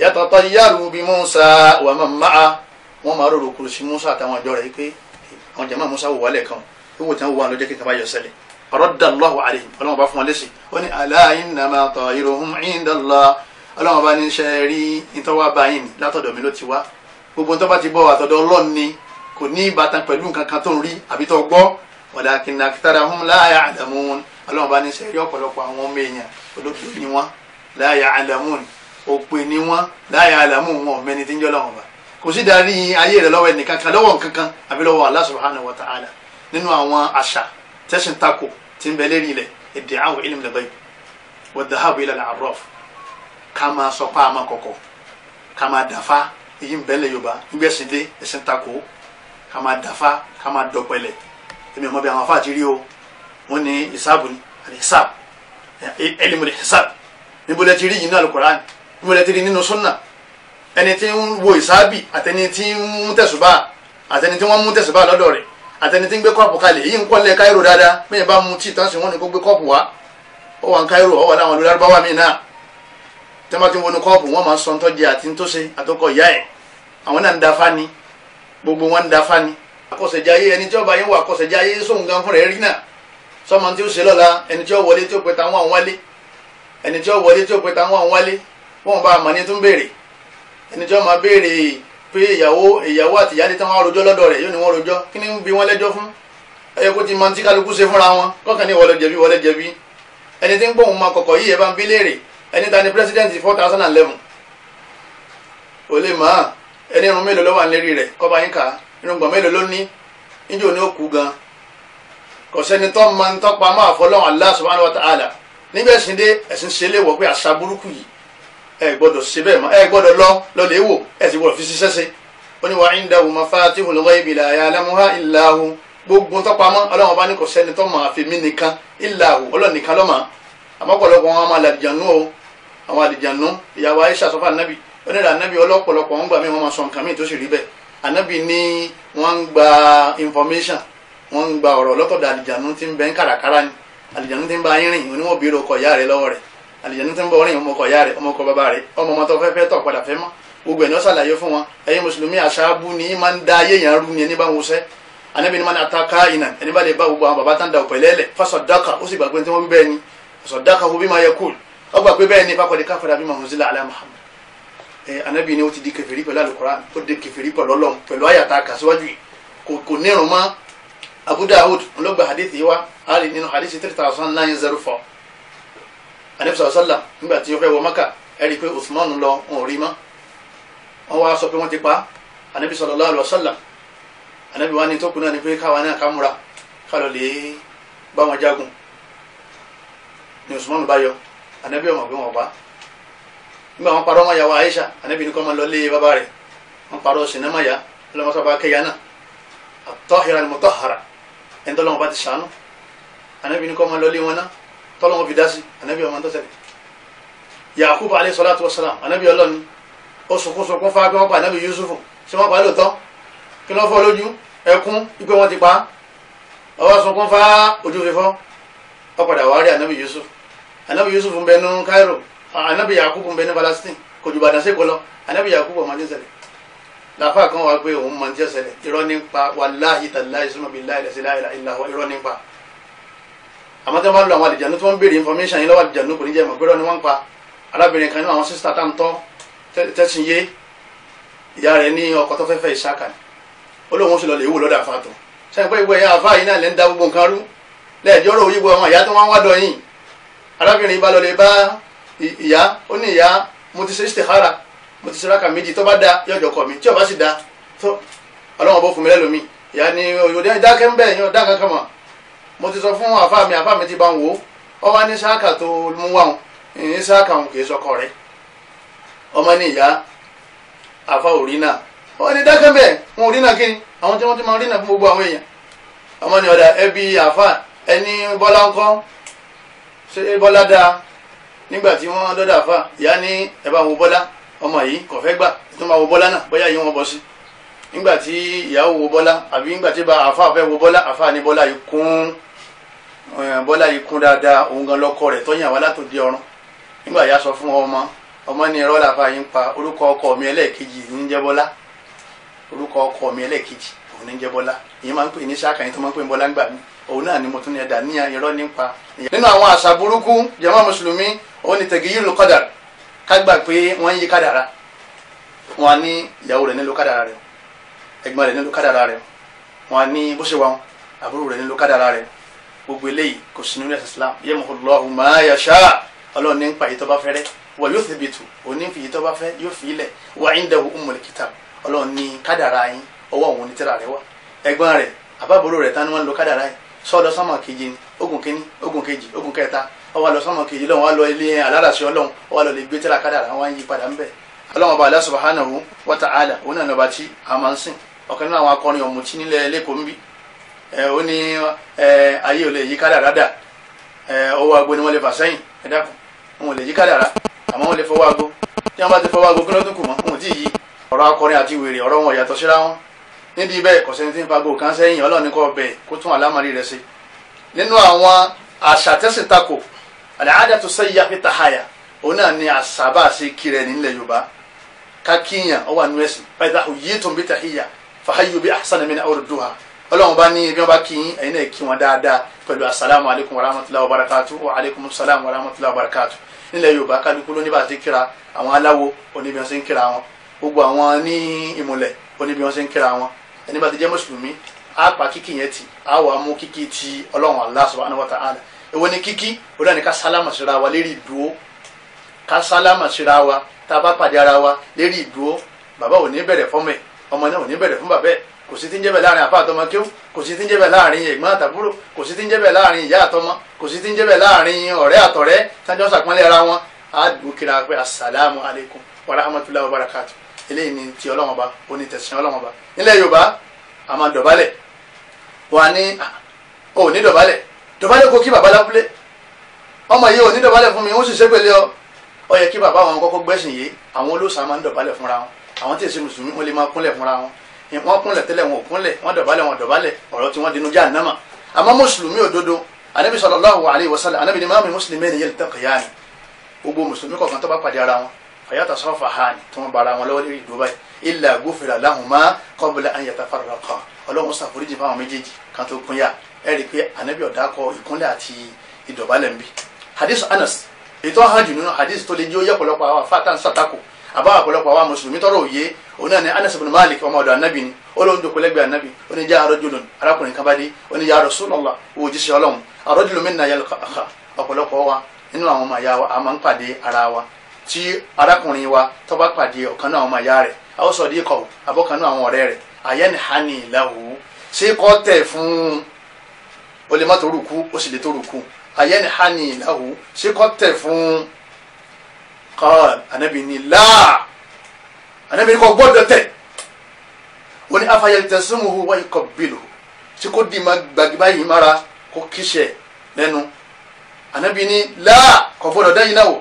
yàtọ̀tọ̀ yàrú bí musa wà má má a wọ́n máa rorò kùrù sí musa àtàwọn ọjọ́ rẹ̀ pé àwọn jàmá musa wò wálẹ̀ kan wíwò tí wọ́n wà lọ́jọ́ kíkan bá yọ sẹ́lẹ̀ radallahu alayhim ọlọ́wọ́n bá fún wọn lẹ́sìn ó ní ala innama ta'iruhum indallah ọlọ́wọ́n bá ní sẹ́ rí ìtọ́wá báyìí látọ̀dọ̀ mi ló ti wá gbogbo tó bá ti bọ̀ àtọ̀dọ̀ ọlọ́run kò ní ìbátan pẹ̀lú nǹkan tó ń rí àbí tó gbọ́ walakin aktharahum la ya'lamun ọlọ́wọ́n bá ní sẹ́ rí ọ̀pọ̀lọpọ̀ àwọn ọmọ èèyàn olóògbé ni la ya'lamun òpè ni wọ́n la ya'lamun wọn mẹ́ni tí ń jọ́lọ́ wọn bá kò sí darí ayé rẹ lọ́wọ́ ẹnì kankan lọ́wọ́ nkankan àbí lọ́wọ́ Allah subhanahu wa ta'ala nínú àwọn àṣà tẹ̀sìn tako tí ń bẹ lérí ilẹ̀ èdè àwọn ilm al-ghayb wa dhahabu ila al-arraf ká máa sọ pa àmà kọ̀kọ̀ ká máa dàfa èyí ń bẹ́lẹ̀ yorùbá nígbà ẹ̀sìn dé ẹ̀sìn tako ká máa dàfa ká máa dọ̀pẹ̀lẹ̀ èmi ọmọ bí àwọn afáàtì rí o wọ́n ní ìsáàbù ni àti ìsáàbù ẹ̀ẹ́lìmọ̀lẹ̀ ìsáàbù níbo lẹ ti rí yìí nínú alukoran níbo lẹ ti rí nínú sunna ẹni tí ń wo ìsáàbì àtẹni tí ń mú tẹ̀sùbà àtẹni tí wọ́n mú tẹ̀sùbà lọ́dọ̀ rẹ̀ àtẹni tí ń gbé kọ́ọ̀pù kalẹ̀ yìí ń kọ́lẹ̀ káírò dáadáa bẹ́ẹ̀ bá mu tíì tán sí wọn ni kó gbé kọ́ọ̀pù wá ó wà ń káírò ó wà láwọn olùdarí mi náà tí wọ́n ti wọnú kọ́ọ̀pù wọ́n máa ń sọ ń tọ́jú àti ń tóṣe àtọkọ ìyá ẹ̀ àwọn náà ń da fani gbogbo wọn ń da fani. akọ̀sẹ̀jáyé ẹni tí ó ẹni tí ó wọlé tí ó pe táwọn ń wálé wọn bá mọ̀ ní tún béèrè ẹni tí ó máa béèrè pé ìyàwó ìyàwó àti ìyáálé tí wọ́n rojọ́ lọ́dọ̀ rẹ̀ yóò ní wọ́n rojọ́ kí ni bí wọ́n lẹ́jọ́ fún ẹyẹ kó ti mọ tí kálukú ṣe fúnra wọn kọ́kàn ní wọlé jẹ̀bi wọlé jẹ̀bi ẹni tí ń gbóhùn máa kọ̀kọ̀ yìí ẹ bá ń bí léèrè ẹni ta ni pírẹsidẹ́ǹtì four thousand and eleven ò lè mọ̀ ẹni irun mélòó ló wà lérí rẹ̀ kọ́ bá yín kà irun gbọ̀n mélòó ló ní níjó ni ó kú gan kò sẹ́ni máa ń tọ́pa máa fọlọ́run Allah subhanahu wa ta'ala níbẹ̀ sì dé ẹ̀sìn ṣe lé wọ̀ pé àṣà burúkú yìí ẹ gbọ́dọ̀ ṣe bẹ́ẹ̀ mọ́ ẹ gbọ́dọ̀ lọ lọ́lẹ̀ wò ẹ sì gbọ́dọ̀ fi ṣiṣẹ́ ṣe ó ní wa indahu mafatihul ghaibi la ya'lamuha illa hu gbogbo tọ́pamọ́ ọlọ́run bá ní kò sẹ́ni tó máa fi mí nìkan illa hu ọlọ́run nìkan ló mọ̀ àmọ́ pọ̀lọpọ̀ wọn máa làdìjànú o àwọn àdìjànú ìyàwó anabi ó ní information wọ́n ń gba ọ̀rọ̀ lọ́tọ̀dọ̀ àdìjànú ti àlìjánu ti ń bá yín rìn òní wọn bèrè ọkọ ìyá rẹ lọ́wọ́ rẹ àlìjánu ti ń bọ rìn ọmọkọ ìyá rẹ ọmọkọ bàbá rẹ ọmọ ọmọ tó fẹ́ fẹ́ tọ̀ padà fẹ́ mọ́ gbogbo ẹni ó ṣàlàyé fún wọn ẹ̀yin mùsùlùmí àṣàbù ni máa ń da ayé yẹn rú ni ẹni bá ń wọṣẹ́ anabi ni máa ń ataka iná ẹni bá lè bá gbogbo àwọn bàbá tá ń da ọ̀pẹ̀ lẹ́lẹ̀ fasọ̀dáka ó sì gbàgbé tí wọ́n bí bẹ́ẹ̀ ni fasọ̀dáka wo bí máa yẹ kúl ó gbà pé bẹ́ẹ̀ ni fakọ̀dé káfíńdà bí mahun zila alẹ́ muhammed ẹ anabi ni ó ti di kèfèrí pẹ̀lú alukura ó di kèfèrí pẹ̀lú ọlọ́run pẹ̀lú àyàtà kàṣíwájú kò nírun mọ́ abu dawud ọlọgba hadith yìí wa ali nínú hadith three thousand nine zero four anabisa sallam nígbà tí ó fẹ́ wọ maka ẹ̀rí pé usman lọ òun rí mọ́ wọ́n wá sọ pé wọ́n ti pa anabi sallallahu alaihi wasallam anabi wa ni tó kun náà ni pé káwa náà ká múra ká lè bá wọn jagun ni usman bá yọ anabi ọmọ gbé wọn bá nígbà wọn parọ́ ọmọ yàwó aisha anabi ni kọ́ máa lọ lé bàbá rẹ̀ wọn parọ́ sinimá ọlọmọsọ bá kẹyà náà at-tahira ẹni tọ́lọ́wọ́n bá ti ṣàánú anabi ní kọ́ máa lọlé wọn ná tọ́lọ́wọ́n fi dá sí anabi ọmọ tó ṣẹlẹ̀ yakubu alayhi salatu wa salam anabi ọlọ́ni ó sunkúnsun kún fáwọn akẹ́wọ́n pa anabi yusufu ṣé wọ́n pa á lóòótọ́ kí ló fọ́ lójú ẹkún ipe wọn ti pa ọwọ́ sunkún fá ojú fífọ́ ọ̀padà wàá rí anabi yusuf anabi yusuf ń bẹ ní Cairo anabi yakubu ń bẹ Palestine kò jù bàdàn anabi yakubu ọmọdé ṣẹlẹ̀ làfà kan wá pé òun mọ̀ ní tẹ́sẹ̀lẹ̀ irọ́ nípa wàláhì tàláhì súnmọ́ bíi láì lẹ́sẹ̀ láì ìlàwọ̀ irọ́ nípa àmọ́ tí wọ́n bá lọ àwọn àlìjànú tí wọ́n ń béèrè information yìí lọ́wọ́ àlìjànú kò ní jẹ́ mọ̀ pé irọ́ ni wọ́n ń pa arábìnrin kan nínú àwọn sísítà tá ń tọ́ tẹ́sìn yé ìyá rẹ̀ ní ọkọ tó fẹ́fẹ́ ìsáka ni ó lóun sì lọ lè wò lọ́dọ̀ àfa tó sẹ́yìn pé mo ti sira ka méjì tó bá da yọjọ kọ mi tí o bá sì da tó ọlọ́wọ́n bó fún mi lẹ́lòmí ìyá ni òyòdì dákẹ́ ń bẹ̀ yàn dá kankan mọ̀ mo ti sọ fún àfa mi àfa mi ti bá ń wò ó ọ wá ní sáàkà tó mú wá wọn ní sáàkà wọn kìí sọkọ rẹ ọmọ ní ìyá àfa ò rí náà ọ ní dákẹ́ ń bẹ̀ wọn ò náà kíni àwọn tí wọ́n ti máa rí náà fún gbogbo àwọn èèyàn ọmọ ní ọ̀dà ẹbí àfa ẹni bọ́lá ń kọ́ ṣé bọ́lá dáa nígbà tí wọ́n dọ́dà àfa ìyá ní ẹ̀ bá wo bọ́lá ọmọ yìí kò fẹ́ gbà tó máa wo bọ́lá náà bóyá yìí wọ́n bọ́ sí nígbà tí ìyàwó wo bọ́lá àbí nígbà tí bá àfa fẹ́ wo bọ́lá àfa ní bọ́lá yìí kún eh, bọ́lá yìí kún gan lọ́kọ rẹ̀ tọ́yìn nígbà sọ fún ọmọ ọmọ pa orúkọ ọkọ mi ẹlẹ́ẹ̀kejì jẹ́ bọ́lá ọkọ mi ẹlẹ́ẹ̀kejì òun jẹ́ bọ́lá ìyẹn máa ń pè ní sáàkà ni mo tún ní ẹ̀dá nínú àwọn àṣà burúkú mùsùlùmí òun ká gbà pé wọ́n ń yí kádàrá wọ́n á ní ìyàwó rẹ̀ nílò kádàrá rẹ̀ ẹ̀gbọ́n rẹ̀ nílò kádàrá rẹ̀ wọ́n á ní bó ṣe wà wọn àbúrò rẹ̀ nílò kádàrá rẹ̀ gbogbo eléyìí kò sí nínú ẹ̀sìn Islam yamhu Allahu ma yasha ọlọ́run ní ń pa èyí tó bá fẹ́ rẹ́ wa yuthbitu òní fi èyí tó bá fẹ́ yóò fi ilẹ̀ wa indahu ummul kitab ọlọ́run ní kádàrá yín ọwọ́ àwọn onítìrà rẹ̀ wá ẹ̀gbọ́n rẹ̀ àbábòrò rẹ̀ tán ni wọ́n ń lo kádàrá yín ọwọ́ àlọ́ sọ́mọ kejì lọ́wọ́ àlọ́ ilé alárasẹ̀ ọlọ́run ọwọ́ àlọ́ lè gbé tẹ́lá kádàrà àwọn yí padà ń bẹ̀ ọlọ́run ọba Allah subhanahu wa ta'ala òun náà nọba tí a máa ń sìn ọ̀kan nínú àwọn akọrin ọ̀mùtí nílẹ̀ lẹ́kọ̀ọ́ ń bí ó ní ayé ò lè yí kádàrà dà ọwọ́ agbo ni wọ́n lè fà sẹ́yìn ẹ dákun wọn ò lè yí kádàrà àmọ́ wọ́n lè fọwọ́ agbo tí wọ́n bá ti fọwọ́ agbo kí kù mọ́ wọn ò yí ọ̀rọ̀ àlàáda tó sẹ́yìn yá pété háyà òun náà ni àṣàbà ṣe kiri ẹni nílẹ̀ yorùbá ká kíyàn ọ wà nù ẹ̀sìn fàyíta òye tó ń bí tàhíyà fàhayù bí àṣàna mi ní ọ̀rọ̀ dùn ha ọlọ́run bá ní ibi wọn bá kíyìn ẹ̀yin náà kí wọn dáadáa pẹ̀lú asalaamu alaykum wa rahmatulahi wa barakatu wa alaykum salaam wa rahmatulahi wa barakatu nílẹ̀ yorùbá kálukú ló bá ti kíra àwọn aláwo oníbi wọn ṣe ń kíra wọn gbogbo àwọn ní èwo ni kíkí ó dà ní ká sálámà síra wa lérí ìdúró ká sálámà síra wa tá a bá pàdé ara wa lérí ìdúró bàbá ò ní bẹ̀rẹ̀ fọ́mọ ẹ̀ ọmọ náà ò ní bẹ̀rẹ̀ fún bàbá ẹ̀ kò sí ti ń jẹ́ bẹ̀ láàrin àfa àtọmọ kí kò sí ti ń jẹ́ bẹ̀ láàrin ẹ̀gbọ́n àtàbúrò kò sí ti ń jẹ́ bẹ̀ láàrin ìyá àtọmọ kò sí ti ń jẹ́ bẹ̀ láàrin ọ̀rẹ́ àtọ̀rẹ́ tájọ́ sàpọ́nlé ara wọn á pé asàlámù aleykum wa rahmatulahi eléyìí ni ti ọlọ́wọ́n ba ó tẹ̀sán ọlọ́wọ́n ba nílẹ̀ yorùbá a dọ̀bálẹ̀ wa ní ah, ò ní dọ̀bálẹ̀ dọ̀bálẹ̀ kó kí bàbá lábúlé ọmọ yìí ò ní dọ̀bálẹ̀ fún mi ó sì ṣépèlé ọ ó yẹ kí bàbá àwọn kọ́kọ́ gbẹ́sìn yìí àwọn olóòsàn máa ń dọ̀bálẹ̀ fúnra wọn àwọn tí èsì mùsùlùmí wọn lè máa kúnlẹ̀ fúnra wọn wọn kúnlẹ̀ tẹ́lẹ̀ wọn ò kúnlẹ̀ wọn dọ̀bálẹ̀ wọn dọ̀bálẹ̀ ọ̀rọ̀ tí wọ́n dinú já nàmà àmọ́ mùsùlùmí òdodo anabi sallallahu alayhi wa sallam anabi ni maami mùsùlùmí ni yẹlẹ tẹkẹyà ni gbogbo mùsùlùmí kọ̀ọ̀kan tó bá pàdé ara wọn fàyàtà sọ́fà ha ni tí bá ara wọn lọ́wọ́ lórí ìdúbà yìí illa gufira lahuma qabla an yatafarraqa ọlọ́run sàforíjì fáwọn méjèèjì kan kúnyà ẹ rí i pé anabi ọ̀dà kọ ìkúnlẹ̀ àti ìdọ̀bálẹ̀ ń bí hadith anas èyí tó hàn jù nínú hadith tó lè jẹ́ oyè ọ̀pọ̀lọpọ̀ àwọn afáàtàn sàtàkù àbáwọ̀ ọ̀pọ̀lọpọ̀ àwọn mùsùlùmí tọrọ òye òun náà ni anas bin malik ọmọ ọ̀dọ̀ anabi ni olóhùn jòkó lẹ́gbẹ̀ẹ́ anabi oníjà arọ́jùlùn arákùnrin kan bá dé oníjà arọ́sùlọ́lá òjíṣẹ́ ọlọ́run arọ́jùlùn mẹ́rin náà yẹ ọ̀pọ̀lọpọ̀ wa nínú àwọn ọmọ ìyá wa a máa ń pàdé ara wa tí arákùnrin wa tó bá pàdé ọ̀kan náà ọmọ ìyá rẹ̀ àwòsàn díkọ̀ àbọ̀kan náà àwọn ọ̀rẹ́ rẹ̀ àyẹ́nìhánì ìlàwó ṣé kọ́ tẹ̀ fún un ó lè má tó rúkú ó sì lè tó rúkú ayé ni hani ìlàhù ṣé kọ́ tẹ̀ fún kọ́ọ̀l anabi ni láà anabi ni kò gbọ́dọ̀ tẹ̀ ó ní afayẹlẹ tẹ̀sùmùhù wáyé kọ́ bílù ṣé kó di ma gbàgbá yìí mara kó kíṣẹ̀ lẹ́nu anabi ni láà kò gbọ́dọ̀ dẹ́yìn náà wò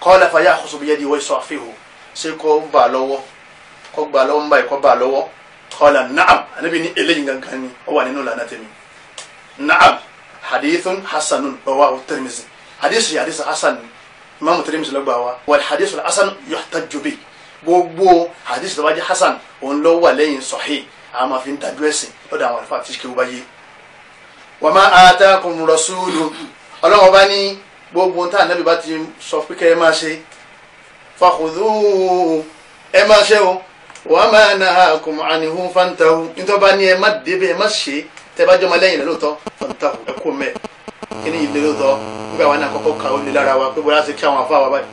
kọ́ọ̀l afayẹ àkósobiyẹ di wọ́n sọ àfihàn ṣé kó bà lọ́wọ́ kó gbà lọ́wọ́ ń báyìí kó bà lọ́wọ́ kọ́ọ̀l naam anabi ni eléyìí gangan ni ó wà nínú lànà tèmi na'am hadithun hasanun rawahu tirmidhi hadisi hadisi hasan imaamu tirmidhi ló gbà wá wal hadithu hasan yuhtajju bi gbogbo hadisi tó bá jẹ́ hasan òun ló wà lẹ́yìn sahih a máa fi ń dájú ẹ̀sìn lọ́dọ̀ àwọn àlùfáà tí kí wọ́n bá yé wa ma atakum rasulu ọlọ́wọ́n bá ní gbogbo ohun tá ànábì bá ti sọ pé kẹ́ ẹ máa ṣe fakhudhuhu ẹ máa ṣe o wa ma nahakum anhu fantahu nítorí bá ní ẹ má débẹ̀ ẹ má tẹ́ bá jọmọ lẹ́yìn rẹ̀ lóòótọ́ fanta ẹ kó mẹ́ kí ni ìlé lóòótọ́ nígbà wọn náà kọ́kọ́ ka ó lé lára wa pé bó láti kí àwọn afá wa báyìí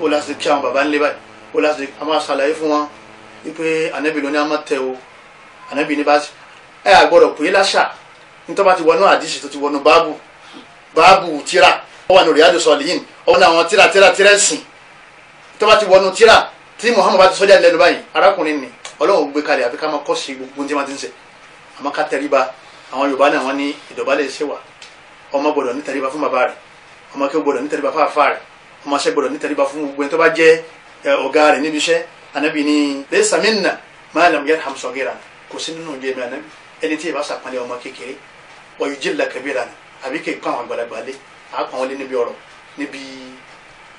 bó láti kí àwọn bàbá ńlé báyìí bó láti a máa ṣàlàyé fún wọn wípé ànábì lóní a máa tẹ o ànábì ní bá ti ẹ àgbọ̀dọ̀ pé láṣà nítorí bá ti wọnú àdìsí tó ti wọnú báàbù báàbù tíra ó wà ní Riyadu Salihin ó ní àwọn tíra tíra tíra ẹ̀sìn tó bá ti wọnú tíra tí Muhammad bá ti sọ́jà lẹ́nu báyìí arákùnrin ni Ọlọ́run gbé kalẹ̀ àfi ká máa kọ́ sí gbogbo tí wọ́n ti ń ṣe àmọ́ ká tẹríba àwọn yorùbá náà wọ́n ní ìdọ̀bálẹ̀ ṣe wà ọmọ gbọ́dọ̀ ní tẹríba fún bàbá rẹ̀ ọmọ kí ó gbọ́dọ̀ ní tẹríba fún àfa rẹ̀ ọmọ ṣe gbọ́dọ̀ ní tẹríba fún gbogbo ẹni tó bá jẹ́ ọ̀gá rẹ̀ níbi iṣẹ́ anabi ni laysa minna ma lam yarham saghirana kò sí nínú ilé mi anabi ẹni tí ìbá sàpọ́nlé ọmọ kékeré wa yujilla kabirana àbí kì í pa àwọn àgbàlagbà lé àápọn wọn lé níbi ọ̀rọ̀ níbi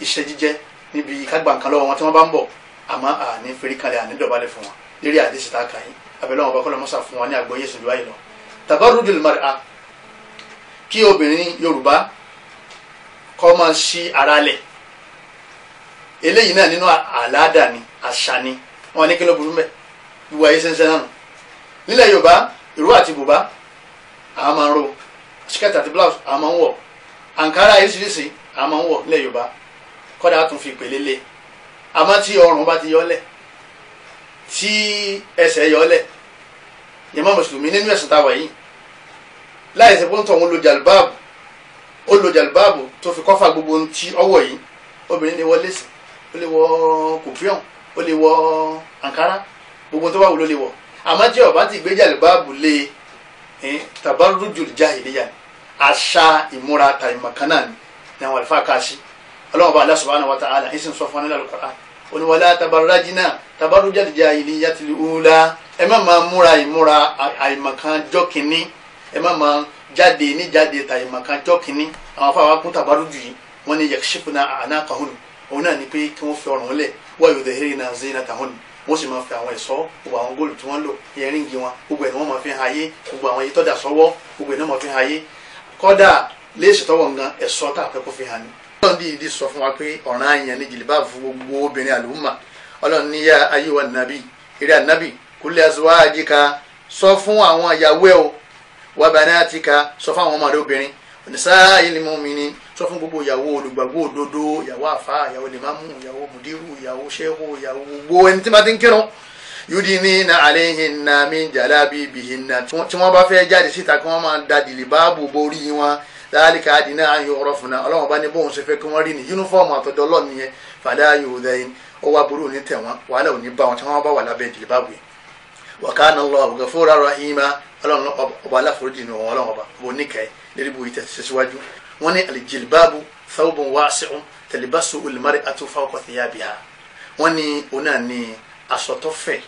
iṣẹ́ tabarujul mar'a kí obìnrin yorùbá kọ́ máa ṣí ara lẹ̀ eléyìí náà nínú àládà ni àṣà ni wọn ní kí ló burú mẹ́ ìwà yìí ṣẹṣẹ náà nù nílẹ̀ yorùbá ìró àti bùbá àwọn máa ń ro skirt àti blouse àwọn máa ń wọ̀ àǹkárá oríṣiríṣi àwọn máa ń wọ̀ nílẹ̀ yorùbá kọ́dà tún fi pèlè lé àmọ́ tí ọrùn bá ti yọ ọ́ lẹ̀ tí ẹsẹ̀ yọ ọ́ lẹ̀ jàmá mùsùlùmí nínú ẹ̀sìn tá a wà yìí láì ṣe pọ́ńtọ̀ òun lo jàlbáàbù ó lo jàlbáàbù tó fi kọ́fà gbogbo ohun tí ọwọ́ yìí obìnrin lè wọ lẹ́sìn ó lè wọ kòfíọ̀n ó lè wọ àǹkárá gbogbo tó bá wù ló lè wọ àmọ́ tí ọba ti gbé jàlbáàbù lé tàbárùjù jàhìlíyà àṣà ìmúra tàìmọ̀kánná ni àwọn àlùfáà káàṣì ọlọ́run bá Allah subhanahu wa ta'ala ìsìn sọ fún ọ nílẹ̀ Al-Qur'an ó ní wala ẹ má máa múra ìmúra àìmọ̀kan jọ́ kínní ẹ má máa jáde níjáde ta àìmọ̀kan jọ́ kínní àwọn afáwa kún tàbárùjù yìí wọ́n ní yakshifna anaqahun òun náà ni pé kí wọ́n fi ọrùn lẹ̀ wa yudhhirna zinatahun wọ́n sì máa fi àwọn ẹ̀ṣọ́ gbogbo àwọn góòlù tí wọ́n lò ẹ̀ríngì wọn gbogbo ẹ̀ ni wọ́n máa fi hàn ayé gbogbo àwọn èyí tọ́jà sọ́wọ́ gbogbo ẹ̀ ni wọ́n máa fi hàn ayé kọ́dà léèṣì tá a fẹ́ kó fi hàn ní. ọlọ́run dì í di sọ fún wa pé ọ̀ràn àyàn ni jìlìbá fún gbogbo obìnrin àlùmọ́ ọlọ́run ní kulli azwajika sọ fún àwọn ìyàwó ẹ o wa banatika sọ fún àwọn ọmọdé obìnrin nisa'il mu'minin sọ fún gbogbo ìyàwó olùgbàgbọ́ òdodo ìyàwó àfa ìyàwó limamu ìyàwó mudiru ìyàwó shehu ìyàwó gbogbo ẹni tí ma ti ń kírun yudinina alayhinna min jalabibihinna tí wọ́n bá fẹ́ jáde síta kí wọ́n máa da dìlìbáàbò borí wọn dhalika adina an yu'rafna ọlọ́wọ́n bá ní bóun ṣe fẹ́ kí wọ́n rí ni yunifọ́ọ̀mù àtọ̀dọ́ ọlọ́ọ̀nìyẹn fala yu'dhayn ó wá burú ní tẹ̀wọ́n wàhálà ò ní bá wọn tí wọ́n bá wà lábẹ́ dìlìbáàbò yìí wa kana Allahu ghafura rahima ọlọ́run ọba aláforíjì ni ọ̀hún ọlọ́run ọba ọba oníkẹ́ lérí bu ìtẹ̀ síwájú wọ́n ní aljilbabu thawbun wasi'un talibasu almar'atu fawqa thiyabiha wọ́n ní onáà ní aṣọ tó fẹ̀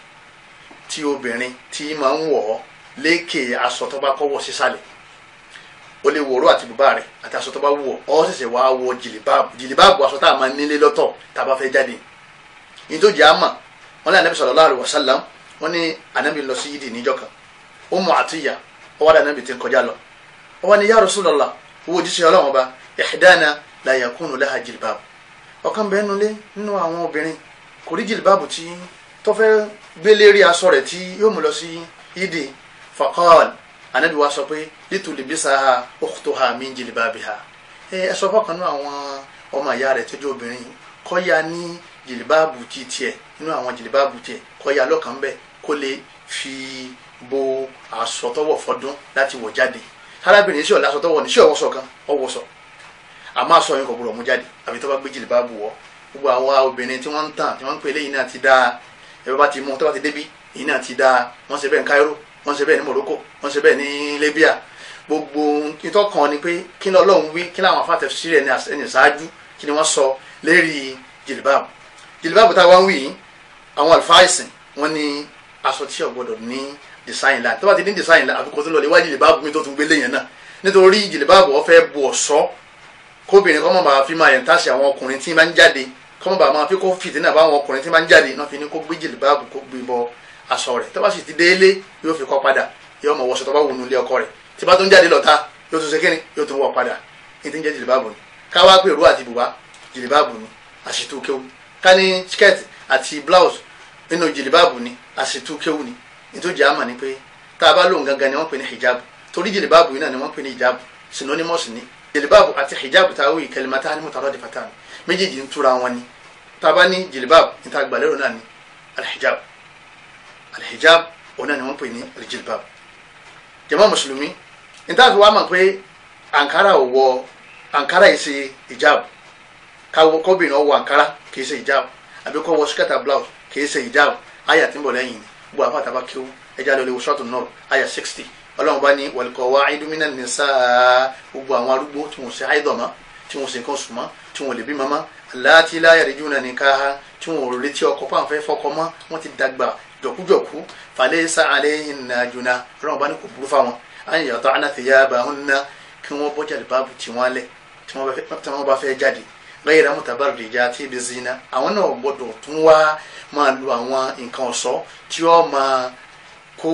tí obìnrin tí máa ń wọ̀ ọ́ lékè aṣọ tó o lè wòró àti bùbá rẹ̀ àti aṣọ tó bá wọ̀ ọ́ wọ jilbabu jilbabu aṣọ tá nílé lọ́tọ̀ tá a bá fẹ́ jáde nítorí àmà wọn lé Ànábì sallallahu alaihi wọ́n ní anabi lọ sí yídì níjọ́ kan Ummu Atiyya ó wá dá anabi tí ń kọjá lọ ó wá ní ya owó ojúṣe ọlọ́run ọba ihdana la yakunu laha jilbab ọ̀kan bẹ́ẹ̀ nulẹ̀ nínú àwọn obìnrin kò rí jìlbáàbù tí tọ́fẹ́ gbélé rí aṣọ rẹ̀ tí yóò mú lọ sí yídì faqal anabi wa sọ pé litulibisaha ukhtuha min jilbabiha ẹ sọ fọkàn náà àwọn ọmọ ìyá rẹ̀ tẹ́jú obìnrin kọ́ ya ní jìlbáàbù tí tiẹ̀ nínú àwọn jìlìbáàbù tiẹ̀ kó ya lọ́kàn bẹ́ẹ̀ kó lè fi bo aṣọ tọwọ́ fọdún láti wọ̀ jáde arábìnrin sí ọ̀la aṣọ tọwọ́ ní sí ọwọ́sọ kan ọwọ́sọ àmọ́ aṣọ yẹn kò gbọdọ̀ mú jáde àbí tó bá gbé jìlìbáàbù wọ̀ gbogbo àwa obìnrin tí wọ́n ń tàn tí wọ́n ń pè léyìn náà ti dáa ẹ̀rọ bá ti mú tó bá ti débí èyí náà ti dáa wọ́n ṣe bẹ́ẹ̀ ní Cairo wọ́n ṣe bẹ́ẹ̀ ní Morocco wọ́n ṣe bẹ́ẹ̀ ní Libya gbogbo ìtọ́kàn ni pé kí ni Ọlọ́run wí kí ni àwọn afáàtẹ̀ sílẹ̀ ní ṣáájú kí ni wọ́n sọ lérí jìlìbáàbù jìlìbáàbù táwa ń wí yìí àwọn àlùfáà ìsìn wọn ní aṣọ tí ọgbọdọ ní design line tó bá ti ní design line àfikún tó lọ léwájú jìlìbáàbù mi tó tún gbélé yẹn náà nítorí jìlìbáàbù ó fẹ́ bu ọ̀ṣọ́ kóbìnrin kọ́mọ̀ bá fi máa yẹn táṣì àwọn ọkùnrin tí máa ń jáde kọ́mọ̀ bá máa fi kó fìtínà bá àwọn ọkùnrin tí máa ń jáde náà fi ní kó gbé jìlìbáàbù kó gbé bọ aṣọ rẹ̀ tó bá sì ti délé yóò fi kọ́ padà yóò mọ̀ wọṣọ tó bá wù nílé ọkọ rẹ̀ tí bá tó ń jáde lọ́ta yóò tún ṣe kíni yóò tún wọ̀ padà ní ti ń jẹ́ jìlìbáàbù ni káwá pé òru àti bùbá jìlìbáàbù ni àṣìtú kéwu ká ní ṣíkẹ́ẹ̀tì àti blouse nínú jìlìbáàbù ni àṣetú kéwù ni nítorí jẹ́ àmà ni pé tá a bá lóun gangan ni wọ́n pè ní hijab torí jìlìbáàbù yìí náà ni wọ́n pè ní hijab synonymous ni jìlìbáàbù àti hijab tá a wí kalimatani mutaradifatan méjèèjì ń túra wọn ni tá a bá ní jìlìbáàbù níta gbàlérò náà ni alhijab alhijab òun náà ni wọ́n pè ní aljìlìbáàbù jàmá mùsùlùmí níta fi wá mọ̀ pé ankara ò wọ ankara yìí ṣe hijab káwọ́ kọ́bìnrin ọ̀ wọ ankara kì í ṣe hijab àbí kọ́ wọ ṣíkàtà blouse kìí ṣe ìjáàbù àyà tí ń bọ̀ lẹ́yìn ni gbogbo àfa àtàbà kéwù ẹja lórí wọ́ṣọ́tò náà àyà sixty ọlọ́run bá ní wọ̀lùkọ́ wa ayédúmínà ní sáà gbogbo àwọn arúgbó tí wọ́n ṣe àìdọ̀mọ́ tí wọ́n ṣe nǹkan sùnmọ́ tí wọ́n lè bí mọ́mọ́ láti láyà rẹ̀ júnà nìkan tí wọ́n retí ọkọ pàǹfẹ́ fọkọ mọ́ wọ́n ti dàgbà jọ̀kújọ̀kú falẹ̀ sàlẹ̀ ìnàjùnà ọlọ́run bá ní kò burú fáwọn àyìn yàtọ̀ ànàtìyà bàhùn náà kí wọ́n bọ́jà lè bá bù tí wọ́n tí wọ́n bá fẹ́ jáde lẹ́yìn àwọn tabarija tí ibi zina àwọn náà gbọ́dọ̀ tún wá máa lu àwọn nǹkan ọ̀ṣọ́ tí ó máa kó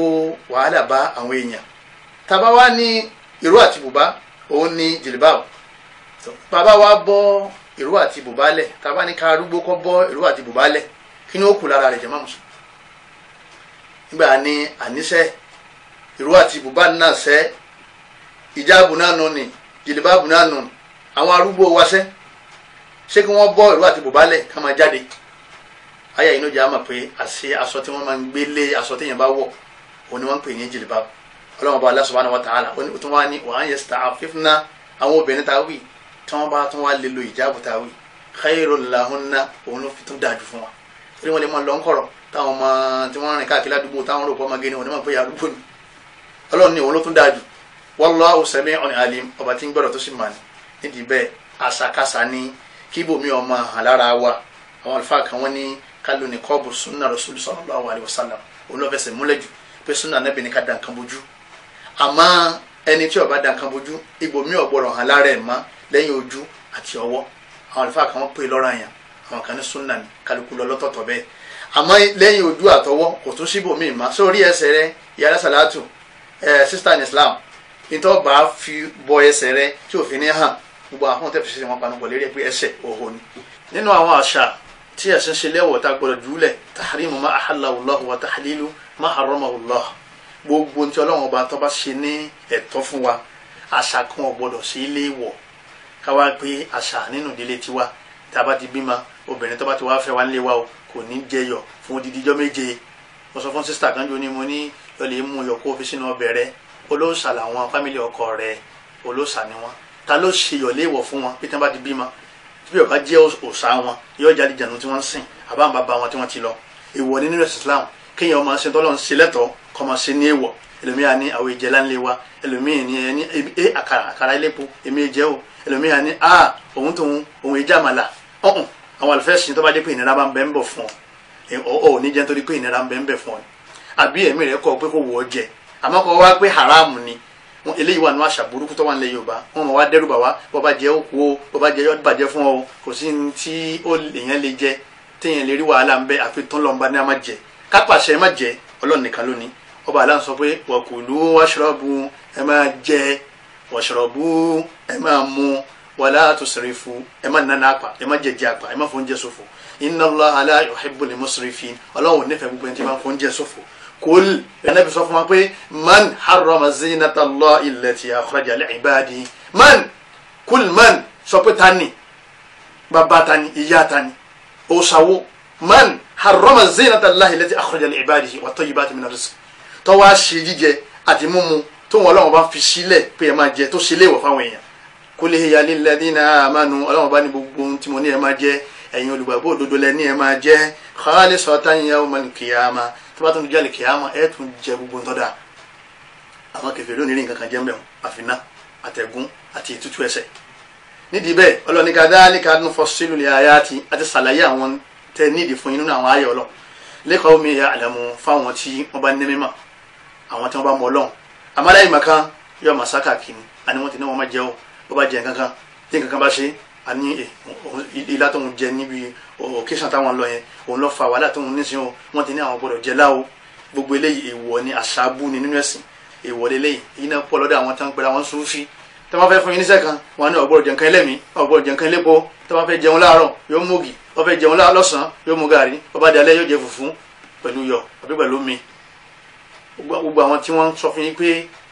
wàhálà bá àwọn èèyàn tàbá wá ní ìró àti bùbá òun ní jìlìbáwò bàbá wa bọ́ ìró àti bùbá lẹ̀ tàbá ní ká arúgbó kọ́ bọ́ ìró àti bùbá lẹ̀ kí ni ó kù lára rẹ̀ jẹ́ máa mùsùlùmí nígbà ní àníṣe ìró àti bùbá náà ṣe ìjáàbù náà nù ní jìlìbáàbù àwọn arúgbó wa ṣe ṣé kí wọ́n bọ́ ìlú àti bùbálẹ̀ ká máa jáde àyà yìí ló jẹ́ àmọ̀ pé àṣe aṣọ tí wọ́n máa ń gbé lé aṣọ tí yẹn bá wọ̀ òun ni wọ́n ń pè ní jìlìbá ọlọ́run bá Allah subhanahu wa ta'ala ó tún wá ní wàá yẹ sita àfífúnná àwọn obìnrin tá a wì tí wọ́n bá tún wá lè lo ìjáàbù tá a wì khairul lahunna òun ló fi tún dájú fún wa torí wọn lè máa lọ táwọn ọmọ tí wọ́n rìn káàkiri àdúgbò táwọn rò pọ́ máa ni òun máa pè é àdúgbò ọlọ́run ni òun ló tún dájú wallahu sami'un alim ọba tí ń gbọ́dọ̀ tó sì mà ní nídìí bẹ́ẹ̀ àṣàkáṣà ni kí ibòmí ọmọ hàn lára wa àwọn àlùfáà kan wọ́n ní kálù ní kọ́ọ̀bù sunna rasulu sallallahu alayhi wa sallam òun lọ́ọ́ fẹsẹ̀ múlẹ̀ jù pé sunna nẹ́bì ní ká da nǹkan bojú àmọ́ ẹni tí ó bá da nǹkan bojú ibòmí ọ̀gbọ̀rọ̀ hàn lára ẹ̀ mọ́ lẹ́yìn ojú àti ọwọ́ àwọn àlùfáà kan wọ́n pè lọ́rọ̀ àyàn àwọn kan ní sunna ní kálukú lọ lọ́tọ̀ọ̀tọ̀ bẹ́ẹ̀ àmọ́ lẹ́yìn ojú àtọwọ́ kò tún síbòmí mọ́ sórí ẹsẹ̀ rẹ yàrá sàlátù ẹ̀ sísítà ní Islam ìtọ́ bá fi bọ ẹsẹ̀ rẹ tí òfin ní hàn gbogbo àwọn tẹ́ fi ṣe wọn panupọ̀ lérí ẹ pé ẹsẹ̀ òhò ni nínú àwọn àṣà tí ẹ̀sìn ṣe lẹ́wọ̀ tá gbọ́dọ̀ jùlẹ̀ tahrimu ma ahallahu Allahu wa tahlilu ma haramahu Allah gbogbo ntí ọlọ́run ọba tó bá ṣe ní ẹ̀tọ́ fún wa àṣà kan ò gbọ́dọ̀ sí ilé wọ̀ káwá pé àṣà nínú ìdílé tiwa tá a bá ti bímọ obìnrin tó bá ti wá fẹ́ wa nílé wa o kò ní jẹyọ fún odidi ijọ́ méje mo sọ fún sísítà kan jò mo ní lọ́ọ́ lè mú iyọ̀ kó fi sínú ọbẹ̀ rẹ olóòṣà làwọn fámìlì ọkọ rẹ olóòṣà ni wọ́n ta ló ṣe yọ̀lẹ́ ìwọ̀ fún wọn pété bá ti bímọ tí bí ọba jẹ́ òòṣà wọn yóò jáde jànú tí wọ́n ń sìn àbá àwọn wọn tí wọ́n ti lọ ìwọ̀ nínú ẹ̀sìn Islam kéèyàn ọmọ ṣe tọ́lọ́ ń ṣe lẹ́tọ̀ọ́ kọ́ máa ṣe ní ìwọ̀ ẹlòmíà ní àwọn ìjẹ láńlé wa ẹlòmíà ní ẹni ẹ àkàrà àkàrà ilépo èmi ìjẹ o ẹlòmíà ní a òun tó òun ìjà màlà ọ̀hún àwọn àlùfẹ́sìn tó bá dé pé ìnira bá ń bẹ́ ń bọ̀ fún ọ ọ̀ ò jẹ́ nítorí pé ìnira ń bẹ́ ń bẹ̀ fún ọ àbí ẹ̀mí rẹ̀ kọ́ pé kò wọ́ jẹ àmọ́ kọ́ wá pé haram ni wọn eléyìí wà nù àṣà burúkú tó wà nílẹ̀ Yorùbá wọn mọ̀ wá dẹ́rù bà wá bọ́ bá jẹ́ òkú o bọ́ bá jẹ́ yọ́ bàjẹ́ fún ọ kò sí ní tí èèyàn lè jẹ téèyàn lè rí wàhálà ń bẹ àfi tán lọ́nba ní a má jẹ kápàṣẹ má jẹ Ọlọ́run nìkan lónìí ọba àlá ń sọ pé wọ̀kùlù wàṣọ̀rọ̀bù ẹ máa jẹ wàṣọ̀rọ̀bù ẹ máa mu wàlá tusrifu ẹ má nana àpà ẹ má jẹjẹ àpà ẹ má fọ́njẹ ṣòfò inna Allaha la yuhibbul musrifin Ọlọ́run ò nífẹ̀ẹ́ gbogbo ẹni tí kul ẹnabi sọ fún wa pé man harrama zinata Allah illati akhraja li ibadi man kul man sọ pé tani bàbá tani ìyá tani òsàwò man harrama zinata Allah illati akhraja li ibadi wa tayyibati min rizq tọ́wọ́ àṣì jíjẹ àti mímu tó wọn Ọlọ́run bá fi sílẹ̀ pé ẹ máa jẹ tó sílẹ̀ wọ̀ fáwọn èèyàn kul hiya lilladhina bá ní gbogbo ohun tí mo ní ẹ máa jẹ ẹ̀yin olùgbàgbọ́ òdodo lẹ́ni ẹ máa jẹ́ khalisatan yawmal qiyama tó bá tún jẹ́ lè kìyàmá ẹ tún jẹ gbogbo ń tọ́da àwọn kèfèrí onírìn kankan jẹ́ mẹ́wọ̀n àfiná àtẹ̀gún àti ìtútù ẹsẹ̀ nídìí bẹ́ẹ̀ ọlọ́ni kadhalika nufassilu li ayati àti sàlàyé àwọn tẹ nídìí fún inú àwọn ayé ọlọ́ lẹ́kọ̀ọ́ mi ya'lamu fáwọn tí wọ́n bá ní mímọ́ àwọn tí wọ́n bá mọ ọlọ́run àmàlà ìmọ̀ kan yọ màsákà kìíní àni wọ́n ti ní wọ́n má jẹ́ o bó bá jẹ́ nǹkan kan tí nǹkan kan bá ṣe ANI ní eh, ilá tó ń jẹ níbi occasion táwọn lọ yẹn òun lọ fa wàhálà tó ń nísìnyí o wọ́n ti ní àwọn gbọ́dọ̀ jẹ láwo gbogbo eléyìí èèwọ̀ ni àṣàbù ni nínú ẹ̀sìn èèwọ̀ lélẹ́yìn iná pọ̀ lọ́dọ̀ àwọn tán pẹ̀lú àwọn sùúfì tí wọ́n fẹ́ fún yín níṣẹ́ kan wọn ní ọ̀gbọ́dọ̀ jẹun kan ẹlẹ́mìí ọ̀gbọ́dọ̀ jẹun kan ẹlẹ́bọ tí wọ́n fẹ́ jẹun láàárọ̀ yóò mú ògì wọ́n fẹ́ jẹun lọ́sàn-án yóò mú gàrí wọ́n bá di alẹ́ yóò jẹ fùfú pẹ̀lú yọ àbí pẹ̀lú omi gbogbo àwọn tí wọ́n sọ fún yín pé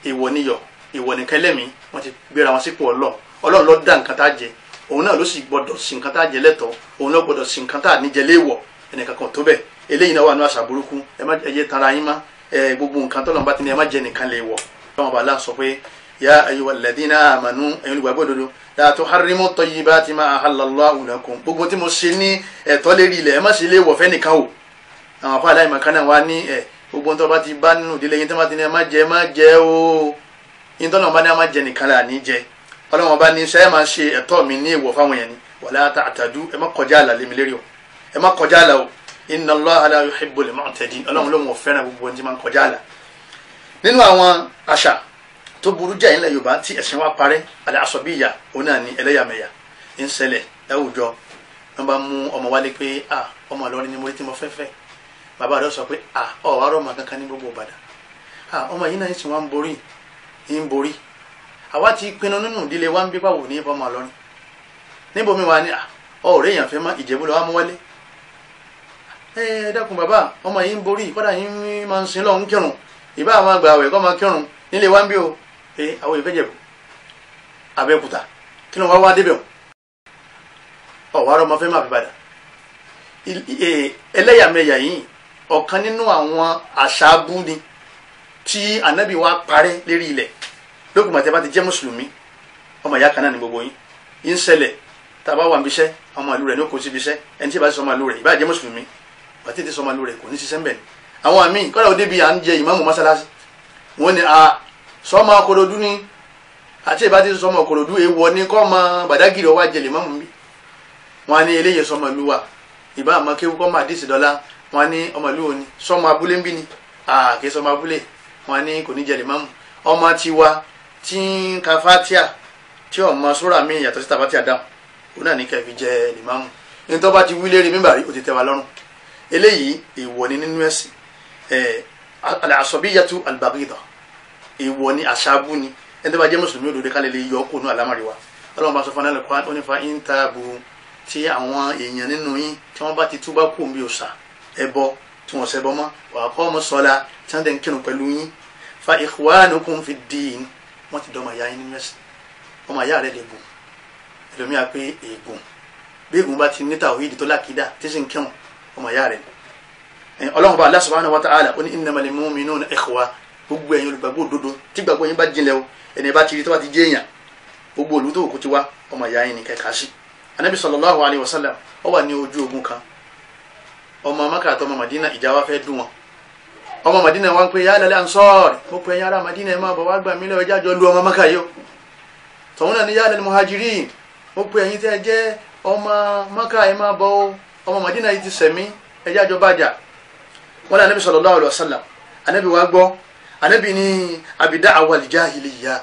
èèwọ̀ ni yọ èèwọ̀ nìkan ẹlẹ́mìí wọ́n ti gbéra wọn sípò ọlọ́ọ̀ ọlọ́ọ̀ ló dá nǹkan tá a jẹ òun náà ló sì gbọdọ̀ sí nǹkan tá a jẹ lẹ́tọ̀ọ́ òun náà gbọdọ̀ sí nǹkan tá a níjẹ léèwọ̀ ẹnìkan kan tó bẹ́ẹ̀ eléyìí náà wà ní àṣà burúkú ẹ má ẹ jẹ́ tara yín má ẹ gbogbo nǹkan tó lọ́nba ti ní ẹ má jẹ nìkan léèwọ̀. ọlọ́run bàálà sọ pé ya ayyuhal ladhina amanu ẹ̀yin olùgbàgbọ́ òdodo la tuharrimu tayyibati ma ahallallahu lakum gbogbo tí mo ṣe ní ẹ̀tọ́ lérí ilẹ̀ ẹ má ṣe léèwọ̀ fẹ́ nìkan o àwọn afọ aláìmọ̀kan náà wá ní ẹ̀ gbogbo tó bá ti bá nínú ìdílé yín tó bá ti ní ẹ má jẹ ẹ má jẹ o yín tó náà bá ní ẹ má jẹ nìkan là ní jẹ ọlọ́run ọba ní sẹ́yìn máa ṣe ẹ̀tọ́ mi ní èèwọ̀ fáwọn yẹn ni wala ta'tadu ẹ má kọjá àlà lémi lérí o ẹ má kọjá àlà o inna Allaha la yuhibbul mu'tadin ọlọ́run ló ń fẹ́ràn gbogbo ẹni tí máa ń kọjá àlà. nínú àwọn àṣà tó burú jẹ́ ilẹ̀ yorùbá tí ẹ̀sìn wa parẹ́ àlẹ́ àsọ̀bíyà òun náà ni ẹlẹ́yàmẹ̀yà ń ṣẹlẹ̀ láwùjọ ọmọ wálé pé pé àwa ti pinnu nínú ìdílé wa ń bí báwo ní fọmọ ọlọrin níbo mi wà ní ah, ọ̀rẹ́ èèyàn fẹ́ mọ ìjẹ̀bú lọ wá mú wọlé ẹ dákun bàbá ọmọ yìí ń borí kódà yìí máa ń sin lọ ń kírun ìbá àwọn àgbà àwẹ̀ kọ́ máa kírun nílé wa ń bí o ẹ àwọn ìfẹ́ jẹ̀bú abẹ́òkúta kí ló wá wá débẹ̀ o ọ̀wá rọ̀ fẹ́ máa fi padà ẹlẹ́yàmẹ̀yà yìí ọ̀kan nínú àwọn àṣà ni tí ànábì wa parẹ́ lérí ilẹ̀ lókùnmọ̀ tẹ́ bá ti jẹ́ mùsùlùmí ọmọ ìyá kan náà ní gbogbo yín yín ń ṣẹlẹ̀ tá a bá wà níbiṣẹ́ ọmọ ìlú rẹ̀ ní okòó síbiṣẹ́ ẹni tí ì bá ti sọ ọmọ ìlú rẹ̀ ìbá jẹ́ mùsùlùmí bàtí ti sọ ọmọ ìlú rẹ̀ kò ní ṣiṣẹ́ mbẹ̀ àwọn àmì kọ́dà òde bíi à ń jẹ ìmáàmù wọn ni a sọmọ akorodu ni àti ìbá ti sọmọ akorodu ewọ ni kọ́ ọmọ bàdágìrì ọwọ́ àjẹlẹ̀ ìmáàmù mi wọn ni eléyè sọmọ ìlú wa ìbá àmọ́ kéwú kọ́ ọmọ àdìsí dọ́là wọn ni ọmọ ìlú òní sọmọ abúlé ń bí ni àkè sọmọ abúlé wọn ni kò ní jẹ ìmáàmù ọmọ tiwa tí ń ka fatia tí ò mọ sóra mi yàtọ̀ sí tabatia dáhùn òun náà ní kẹfì jẹ limamu ní tó bá ti wí lérí mímbàrí ó ti tẹ́ wa lọ́rùn eléyìí ìwọ ni nínú ẹ̀sìn àṣọbíyàtú àlùbárídà ìwọ ni àṣàbù ni ẹni tó bá jẹ́ mùsùlùmí òdòdó kálẹ̀ lè yọ kónú àlámàrí wa ọlọ́run bá sọ fún alẹ́ kwan onífa íńtàbù tí àwọn èèyàn nínú yín tí wọ́n bá ti túbá kú bí òòṣà ẹbọ tí wọ́n ṣẹbọ mọ́ wàá kọ́ ọmọ sọ́la tí wọ́n dẹ̀ ń kírun pẹ̀lú yín fa ikhwanukum fid din wọ́n ti dọ́mọ ìyá yín nínú ẹ̀sìn ọmọ ìyá rẹ̀ lè bù ẹlòmíà pé ègùn bí ègùn bá ti ní tàwíìdì tó lákìdá tí sì ń kẹ́wọ̀n ọmọ ìyá rẹ̀ ọlọ́run bá Allah subhanahu wa ta'ala ó ní innamal mu'minuna ikhwa gbogbo ẹ̀yin olùgbàgbọ́ òdodo tí gbàgbọ́ yín bá jinlẹ̀ o ẹni bá ti rí tó bá ti jẹ́ èèyàn gbogbo òlú ti wá ọmọ ìyá yín ni kẹ̀kà sí anabi sallallahu alayhi wa sallam ó wà ní ojú ogun kan ọmọ Mákà ọmọ madina wa ń pe yálẹ̀ lansọ́ọ̀rì mo pe yàrá madina ẹ̀ máa bọ̀ wá gbà mí lọ́wọ́ jájọ́ lu ọmọ maka yìí o tọ̀hún náà ní yálẹ̀ muhajirin mo pe ẹ̀yin tẹ́ jẹ́ ọmọ maka ẹ̀ máa bọ̀ o ọmọ madina yìí ti sẹ̀mí ẹ̀ jájọ́ bàjá wọn lànà bí sallallahu alaihi wasallam ànábì wa gbọ́ ànábì ní abidá awal jahiliya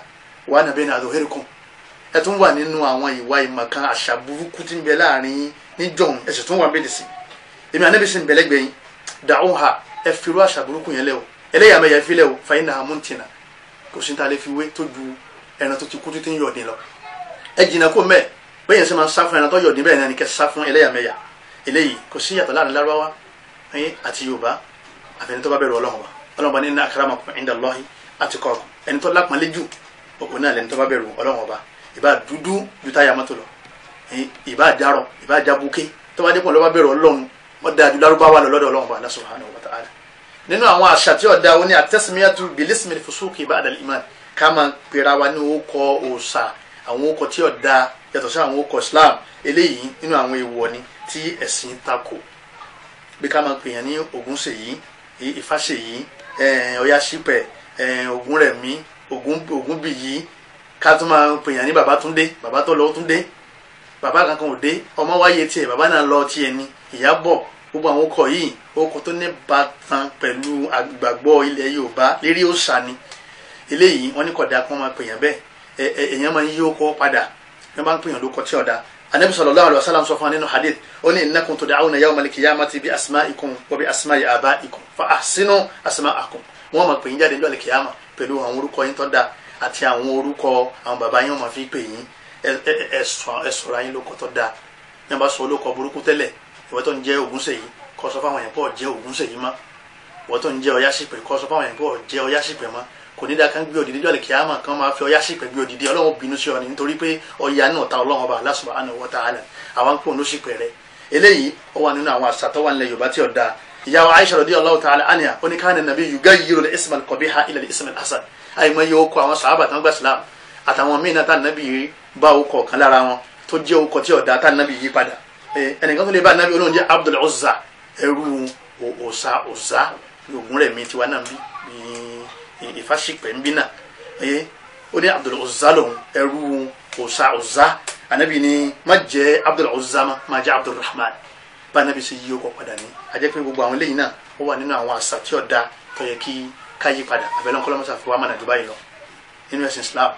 wà nàbẹ́ ní adhhurikum ẹ̀ tún wà nínú àwọn ìwà ìmọ̀kan àṣà burúkú tí ń bẹ láàrin yín níjọ̀hún ẹ̀sìn tún wà ń bẹ̀lẹ̀ sí èmi ànábì sì ń bẹ̀lẹ́gbẹ̀yìn da'uha ẹ firu àṣà burúkú yẹn lẹ o ẹlẹ́yàmẹ̀yà fi lẹ o fàyín náà múntinà kò sí ta lè fi wé tó ju ẹran tó ti kú tó ti ń yọ̀dín lọ ẹ jìnnà kó mẹ́ẹ̀ bẹ́ẹ̀ yẹn sẹ́ máa sá fún ẹran tó yọ̀dín bẹ́ẹ̀ náà ni kẹ́ sá fún ẹlẹ́yàmẹ̀yà eléyìí kò sí yàtọ̀ láàrin lárúbáwá ẹyin àti yorùbá àfẹni tó bá bẹ̀rù ọlọ́run wa ọlọ́run bá ní inna akramakum inda Allahi atqakum ẹni tó lápọnlé jù òkú náà lẹni tó bá bẹ̀rù ọlọ́run ọba ìbá dúdú ju táyà mọ́tò lọ ìbá jarọ ìbá jabuke tó bá ọlọ́run wọ́n dáa ju lárúbáwá lọ lọ́dọ̀ nínú àwọn àṣà tí ọ̀dà wo ni àtẹ́sìmíyàtú bilismi fusuki ba'da al-iman ká máa pera wa ní orúkọ òòṣà àwọn orúkọ tí ọ̀dà yàtọ̀ sí àwọn orúkọ islam eléyìí nínú àwọn èèwọ̀ ni tí ẹ̀sìn takò bí ká máa pèèyàn ní Ògúnṣèyí ogun eh, Ọ̀yáṣípẹ̀ ogun eh, Ògúnbíyì ká tún máa pèèyàn ní Babátúndé bàbá tó lọ Túndé bàbá kankan ò dé ọmọ wáyé tiẹ̀ bàbá náà lọ tiẹ̀ ni ìyá bọ̀ gbogbo àwọn ọkọ yìí ọkọ tó ní bàtàn pẹ̀lú àgbàgbọ́ ilẹ̀ yorùbá lérí òòṣà ni eléyìí wọn ní kódà kí wọn máa pèèyàn bẹ́ẹ̀ èèyàn máa ń yí ọkọ padà wọn máa ń pèèyàn lóko tí ọ̀dà anabi sallallahu alaihi wasallam sọ fún wa nínú hadith ó ní innakum tud'auna yawmal qiyamati bi asma'ikum wa bi asma'i aba'ikum fa ahsinu asma'akum wọn máa pèèyàn jáde lọ́lẹ̀ kìyàmà pẹ̀lú àwọn orúkọ yín tó dáa àti àwọn orúkọ àwọn bàbá yín wọn máa fi pè yín ẹ ẹ ẹ sọ̀rọ̀ yín lóko tó dáa yẹn bá sọ olóko burúkú tẹ́lẹ̀ ìwọ tó ń jẹ́ Ògúnṣèyí kó sọ fáwọn yẹn pọ̀ jẹ́ Ògúnṣèyí mọ́ ìwọ tó ń jẹ́ Ọ̀yáṣìpẹ̀ kó sọ fáwọn yẹn pọ̀ jẹ́ Ọ̀yáṣìpẹ̀ mọ́ kò ní dákan gbé òdìdí jọ́lẹ̀ kíámà kan máa fi Ọ̀yáṣìpẹ̀ gbé òdìdí Ọlọ́run bínú sí ọ ní nítorí pé ọ̀yà náà ta Ọlọ́run ọba Allah subhanahu wa ta'ala àwọn pò ló sì pẹ̀ eléyìí ó wà nínú àwọn àṣà tó wà nílẹ̀ Yorùbá tí ó dáa ìyàwó Aisha radiyallahu ta'ala anha oníkànnì nàbí yugayiru al-isma al-qabiha ila al ismail al-hasan àìmọye okò àwọn sàhábà tán gbà sílámù àtàwọn míì náà tá nàbí bá okò kan lára wọn tó jẹ́ okò tí ó dáa tá nàbí yí padà ẹnìkan tó lè bá anabi olóhùn jẹ́ Abdul Uzza ẹrú ọ̀sà ọ̀sà ní ogun rẹ̀ mi tiwa náà bí ìfàṣìpẹ̀ ń bí náà ó ní Abdul Uzza lòun ẹrú ọ̀sà ọ̀sà anabi ni má jẹ́ Abdul Uzza ma má jẹ́ Abdul Rahman bá anabi ṣe yí ọkọ̀ padà ní ajẹ́ pé gbogbo àwọn eléyìí náà ó wà nínú àwọn àṣà tí ọ̀dà tó yẹ kí ká yí padà abẹ́lẹ́ ńkọ́lọ́mọ́sá fi wá mọ̀nà dubai lọ nínú ẹ̀sìn Islam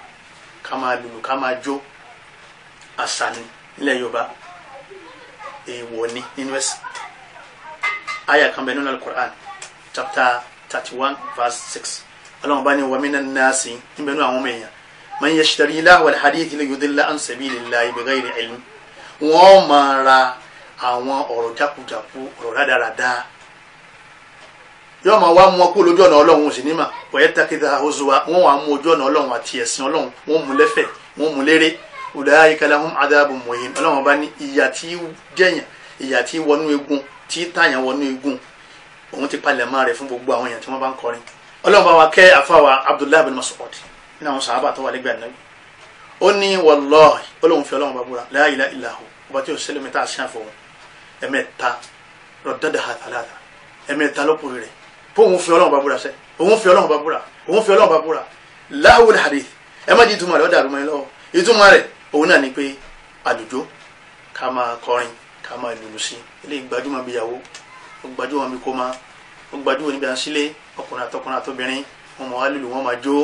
ká máa lùlù ká máa jó àṣà ní ilẹ̀ Yorùbá èèwọ̀ ni nínú ẹ̀sìn àyà kan bẹ nínú alukur'an chapter thirty one verse six ọlọ́run bani ní wa minan nasi níbẹ̀ nínú àwọn ọmọ èèyàn man yashtari lahwa al-hadith li yudilla an sabilillahi bighayri ilm wọ́n máa ra àwọn ọ̀rọ̀ jákujàku ọ̀rọ̀ rádaràda yóò wa wá mú ọkú lójú ọ̀nà ọlọ́run sì ní mà wọ́n yẹ takidà hozuwa wọ́n wà mú ojú ọ̀nà ọlọ́run àti ẹ̀sìn ọlọ́run wọ́n mú lẹ́fẹ̀ẹ́ wọ́n mú lérè ulaika lahum adhabun muhin ọlọ́run bá ní ìyà tí jẹ̀yàn ìyà tí wọnú egun tí tàyàn wọnú egun òun ti palẹ̀ máa rẹ̀ fún gbogbo àwọn èèyàn tí wọ́n bá ń kọrin ọlọ́run bá wa kẹ́ àfàwà abdullahi bin mas'ud nínú àwọn sàhábà tó wà lẹ́gbẹ̀ẹ́ ànábì ó ní wallahi ọlọ́run fi ọlọ́run bá búra la ilaha illa hu ọba tí òṣèlú mi tá a ṣàn fòun ẹ̀mẹ́ta rọ̀dọ́dà àtàlàtà ẹ̀mẹ́ta lọ́kùnrin rẹ̀ pé òun fi ọlọ́run bá búra sẹ́ òun fi ọlọ́run bá búra òun fi ọlọ́run bá búra láwùl hadith ẹ òun náà ni pé àdùjọ ká máa kọrin ká máa lùlù sí eléyìí gbajúmọ̀ bí ìyàwó ó gbajúmọ̀ bí kò máa ó gbajúmọ̀ níbi àṣìlẹ ọkùnrin àtọkùnrin àtobìnrin wọn máa wá lùlù wọn máa jó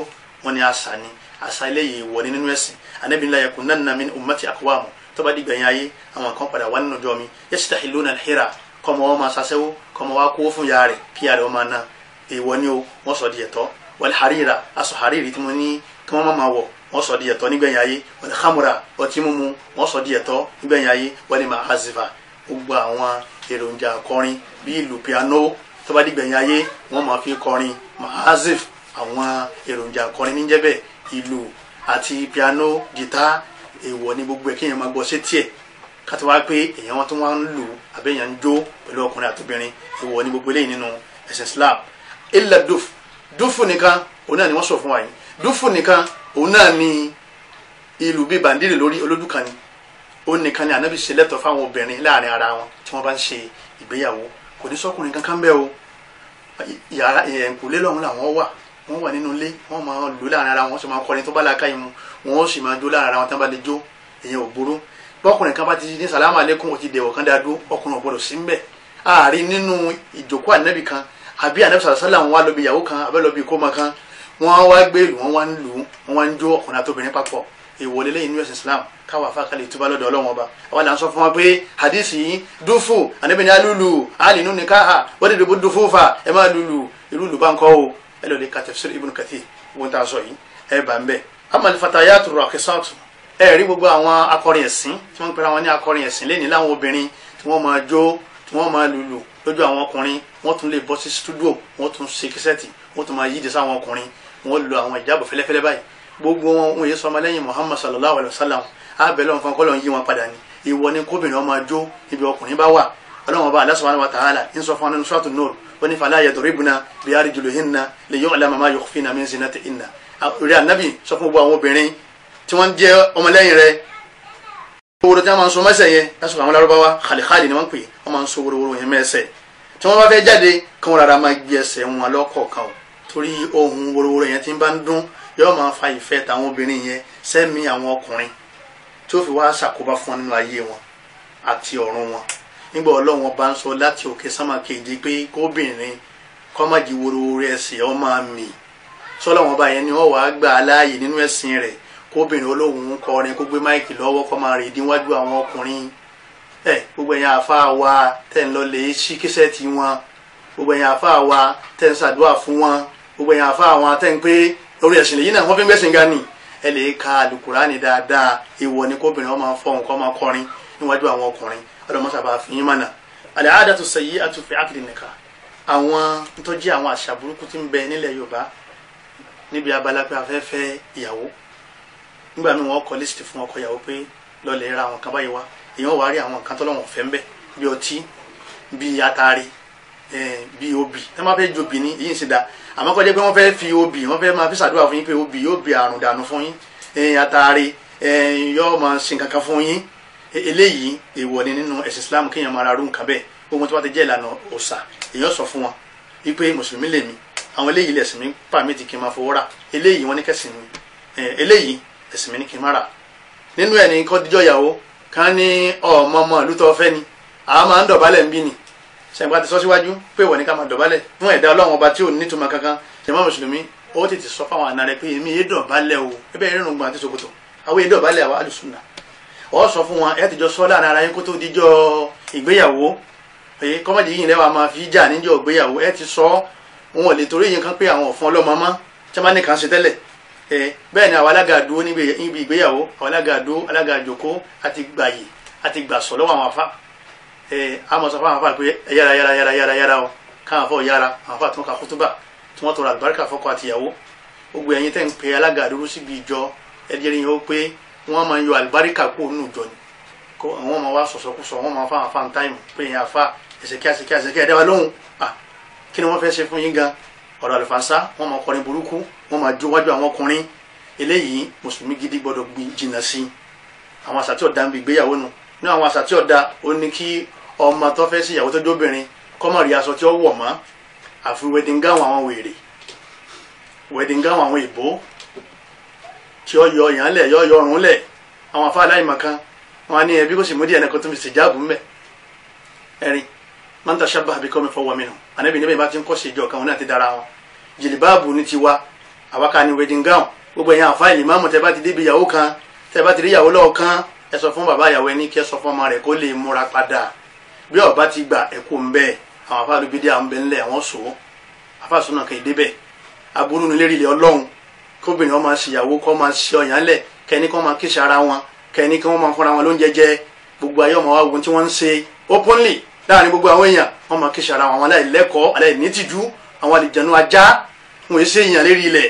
wọn ni àṣà ni àṣà eléyìí wọ nínú ẹsìn anabi ńlá yẹkùn náà nàmi ummati aqwamu tó bá di gbẹ̀yìn ayé àwọn kan padà wá nínú ọjọ́ mi yastahiluna al-hira kọ́mọ wọn máa ṣaṣẹ́wó kọ́mọ wa kó fún yàrá rẹ̀ kí yàrá wọn máa ná èèwọ̀ ni o wọ́n sọ di ẹ̀tọ́ wal harira aṣọ hariri tí mo ní kí wọ́n má máa wọ̀ wọ́n sọ di ẹ̀tọ́ nígbẹ̀yìn ayé wal khamra ọtí mímu wọ́n sọ di ẹ̀tọ́ nígbẹ̀yìn ayé wal ma'azifa gbogbo àwọn èròjà kọrin bíi ìlù piano tó bá dìgbẹ̀yìn ayé wọ́n máa fi kọrin ma'azif àwọn èròjà kọrin níjẹ́ bẹ́ẹ̀ àti piano jìtá èèwọ̀ ní gbogbo ẹ̀ kéèyàn máa gbọ́ sétí ẹ̀ kátó wá pé èèyàn wọn tó wá ń lù àbẹ́yàn ń jó pẹ̀lú ọkùnrin àtòbìnrin èèwọ̀ ní gbogbo eléyìí nínú ẹ̀sìn Islam illa dúfù dúfù nìkan òun náà ni wọ́n sọ fún wa yìí dúfù nìkan òun náà ni ìlú bíi bàndìrì lórí olójú kan ni ó nìkan ni ànábì ṣe lẹ́tọ̀ọ́ fáwọn obìnrin láàrin ara wọn tí wọ́n bá ń ṣe ìgbéyàwó kò ní sọ́kùnrin kankan bẹ́ẹ̀ o yàrá ẹ̀ǹkùlé eh, lọ́hùn làwọn wà wọ́n wà nínú ilé wọ́n máa lò láàrin ara wọn wọ́n sì máa kọrin tó bá làákà yìí mu wọ́n sì máa jó láàrin ara wọn tí wọ́n bá lè jó èyàn ò gbóró bọ́kùnrin kan bá ti ní sàlámù alẹ́kùn ò ti dẹ̀wọ̀ kan dáa ọkùnrin ò sí ń bẹ̀ àárín nínú ìjókòó ànábì kan àbí ànábì sàlásàlà wọn lọ bí ìyàwó kan àbẹ́ lọ bí ìkómọ kan wọ́n wá gbèrú wọ́n wá ń lù wọ́n wá ń jó ọkùnrin àtòbìnrin papọ̀ ìwọlé lẹ́yìn us islam káwọn afákàlẹ̀ tó bá lọ́dọ̀ ọlọ́run ọba àwọn là ń sọ fún wa pé hadith yìí dúfò ànábìnrin alúlù alìnú ní káhà wọ́n dìde bó dúfò fà ẹ máa lùlù ìlú lù bá ń kọ́ o ẹ lọ́ọ́ lè ka tafsir ibn kathir wọ́n ta sọ yìí ẹ bá ń bẹ̀. amal fatayat rakisatu ẹ rí gbogbo àwọn akọrin ẹ̀sìn tí wọ́n pera wọn ní akọrin ẹ̀sìn lẹ́ni láwọn obìnrin tí wọ́n máa jó tí wọ́n máa lùlù lójú àwọn ọkùnrin wọ́n tún lè bọ́ sí stúdíò wọ́n tún ṣe kẹsẹ́tì wọ́n tún máa yíde sáwọn ọkùnrin wọ́n lo àwọn ìjábọ̀ fẹ́lẹ́fẹ́lẹ́ báyìí gbogbo wọn wọn yé sọmọ lẹ́yìn Muhammad sallallahu alayhi wa sallam abẹ́lẹ́ wọn fún ọkọ́ lọ́n yí wọn padà ni ìwọ ni kóbìnrin ọmọ ajó ibi ọkùnrin bá wà ọlọ́run ọba Allah subhanahu wa ta'ala ń sọ fún anínú sọ́ọ̀tù nóòlù ó ní fala yadribna bi arjulihinna liyu'lama ma yukhfina min zinatihinna rí ànábì sọ fún gbogbo àwọn obìnrin tí wọ́n jẹ́ ọmọlẹ́yìn rẹ̀ wóró tí wọ́n máa ń so mẹ́sẹ̀ yẹn lásìkò àwọn Lárúbáwá xalixali ni wọ́n pè wọ́n máa ń so wóró wóró yẹn mẹ́sẹ̀ tí wọ́n bá fẹ́ jáde kí wọ́n rárá máa gbé ẹsẹ̀ wọn lọ́kọ̀ọ̀kan o torí ohun worowóró yẹn tí ń bá ń dún yóò máa fa ìfẹ́ tàwọn obìnrin yẹn sẹ́mi àwọn ọkùnrin tí ó fi wá ṣàkóbá fún wọn nínú ayé wọn àti ọ̀run wọn nígbà ọlọ́run ọba ń sọ láti òkè sámà kejì pé kóbìnrin kọ́mọ̀jì worowóró ẹ̀sìn ọ máa mì sọ́lọ́wọ́n ọba yẹn ni wọ́n wàá gbà láàyè nínú ẹ̀sìn rẹ̀ kóbìnrin olóhùn kọrin kó gbé máìkì lọ́wọ́ kó máa rè díwájú àwọn ọkùnrin ẹ gbogbo ẹ̀yin àáfàá wa tẹ̀ ń lọ lè ṣí kíṣẹ́ tí wọn gbogbo ẹ̀yin àáfàá wa tẹ̀ ń ṣàdúrà fún wọn gbogbo èèyàn àfa àwọn atẹ́yìn pé orí ẹ̀sìn lèyí náà wọ́n fi ń gbẹ̀sìn gan ni ẹ lè ka alukurani dáadáa ìwọ ni kóbìnrin ọmọ fọhùn kọ́ máa kọrin níwájú àwọn ọkùnrin ọlọmọṣà bá fi yín mọ̀nà àlẹ́ àdàtú sẹ́yí àtúfẹ́ àkìlì nìka àwọn ntọ́jú àwọn àṣà burúkú ti ń bẹ nílẹ̀ Yorùbá níbi abala pé afẹ́fẹ́ ìyàwó nígbà míì wọ́n kọ lísìtì fún ọkọ ìyàwó pé lọ́ọ̀lẹ́ ra àwọn kan báyìí wá èèyàn wá rí àwọn kan tọ́lọ́wọ̀n fẹ́ ń bẹ̀ bí ọtí bí atari Eh, bí obì tí wọ́n fẹ́ jobi ní yìí ń ṣe da àmọ́ kọ́ jẹ́ pé wọ́n fẹ́ fi obì wọ́n fẹ́ máa fi ṣàdúrà fún yín pé obì yóò bi àrùn dànù fún yín eh, àtàrí eh, yóò máa ṣe nǹkan kan fún yín e, eléyìí èèwọ̀ nínú ẹ̀sìn Islam kéèyàn máa ra rú nǹkan bẹ́ẹ̀ ohun tí wọ́n ti jẹ́ ìlànà òòṣà èèyàn sọ fún wọn wípé mùsùlùmí lèmi àwọn eléyìí lẹ̀sìn mi pàmì tí kì í máa fowó rà eléyìí wọ́n ní kẹ́sìn mi eléyìí ẹ̀sìn mi ní kì í máa rà nínú ẹ̀ ní kọ́ díjọ́ ìyàwó kan ní ọmọ ìlú tó fẹ́ ni àá máa ń dọ̀bálẹ̀ ń bí ni sẹ̀ǹgbà ti sọ síwájú pé ìwọ ni ká máa dọ̀bálẹ̀ fún ẹ̀dá ọlọ́run ọba tí ò ní ìtumọ̀ kankan jẹ̀mọ́ mùsùlùmí ó tètè sọ fáwọn àna rẹ pé èmi yé dọ̀bálẹ̀ o ẹbẹ̀ rírun gbọ̀n àti ṣòkòtò àwọn yé dọ̀bálẹ̀ àwọn alùsùnà ọ sọ fún wọn ẹ tìjọ sọ láàrin ara yín kó tó dijọ́ ìgbéyàwó èyí kọ́mọ̀dé yìí lẹ́wà máa fi jà níjọ́ ìgbéyàwó ẹ ti sọ wọn lè torí yín kan pé àwọn ọ̀fun ọlọ́mọ mọ́ tí wọ́n bá nìkan ṣe tẹ́lẹ̀ bẹ́ẹ̀ ni àwọn alága àdúró níbi ìgbéyàwó àwọn alága àdúró alága àjòkó àti gbàyè àti gbàsọ̀ lọ́wọ́ àwọn afá Eh, a mọ̀ sọ fún àwọn afa pé yára yára yára yára yára o káwọn afọ yára àwọn afa tí wọn kà kútúbà tí wọn tọrọ àlùbáríkà fọkọ àtìyàwó gbogbo ẹ̀yin tẹ́ ń pe alága àdúró síbi ìjọ ẹ̀jẹ̀ yìí ó pé wọ́n máa ń yọ àlùbáríkà kó nù jọ ni kó àwọn ọmọ wa sọ̀sọ̀kúsọ wọ́n máa fa àwọn fan táìmù pé yẹn àfa ẹ̀sẹ̀kí àṣẹkí àṣẹkí ẹ̀dá wa lóhùn à kí ni wọ́n fẹ́ ṣe fún yín gan ọ̀rọ̀ àlùfànṣá wọ́n máa kọrin burúkú wọ́n máa jó wájú àwọn ọkùnrin eléyìí mùsùlùmí gidi gbọdọ̀ jìnnà sí àwọn àṣà tí ọ̀dà ń bi ìgbéyàwó nù ní àwọn àṣà tí ọ̀dà ó ní kí ọmọ tó fẹ́ sí ìyàwó tó jóbìnrin kọ́mọ̀ aṣọ tí ó wọ̀ mọ́ àfi wedding gown àwọn wèrè wedding gown àwọn ìbò tí ó yọ ìyàn lẹ̀ yọ yọ ọrùn lẹ̀ àwọn afá aláìmọ̀ kan wọn á ní ẹbí kò sì mú díẹ̀ ẹnìkan tó fi ṣèjáàbù ń bẹ̀ ẹ̀rin man tashabbaha bi qawmin fahuwa minhum ànábì níbẹ̀ bá ti ń kọ́ sí ìjọ kan wọn náà ti dára wọn jìlìbáàbù ni tiwa àwáká ni wedding gown gbogbo ẹ̀yin àfa ìlímọ̀mù tẹ́ bá ti débi ìyàwó kan tẹ́ bá ti rí ìyàwó lọ́ọ̀kan ẹ sọ fún bàbá ìyàwó ẹni kí ẹ sọ fún ọmọ rẹ̀ kó lè múra padà bí ọba ti gbà ẹkú ń bẹ àwọn afáàlú bídí àwọn bẹ ńlẹ àwọn sọ afáàsùn náà kàn dé bẹ aburú nílé ilé Ọlọ́run kóbìnrin wọn máa ṣèyàwó kọ máa ṣe ọyàn lẹ kẹni kọ máa kíṣe ara wọn kẹni kí máa fọra wọn lóúnjẹ jẹ gbogbo ayé ọmọ wa wo tí wọn ń ṣe openly láàrin gbogbo àwọn èèyàn wọn máa kíṣe ara wọn àwọn aláìlẹ́kọ̀ọ́ aláìnítìjú àwọn àlìjẹnu ajá wọn èsì èèyàn lérí ilẹ̀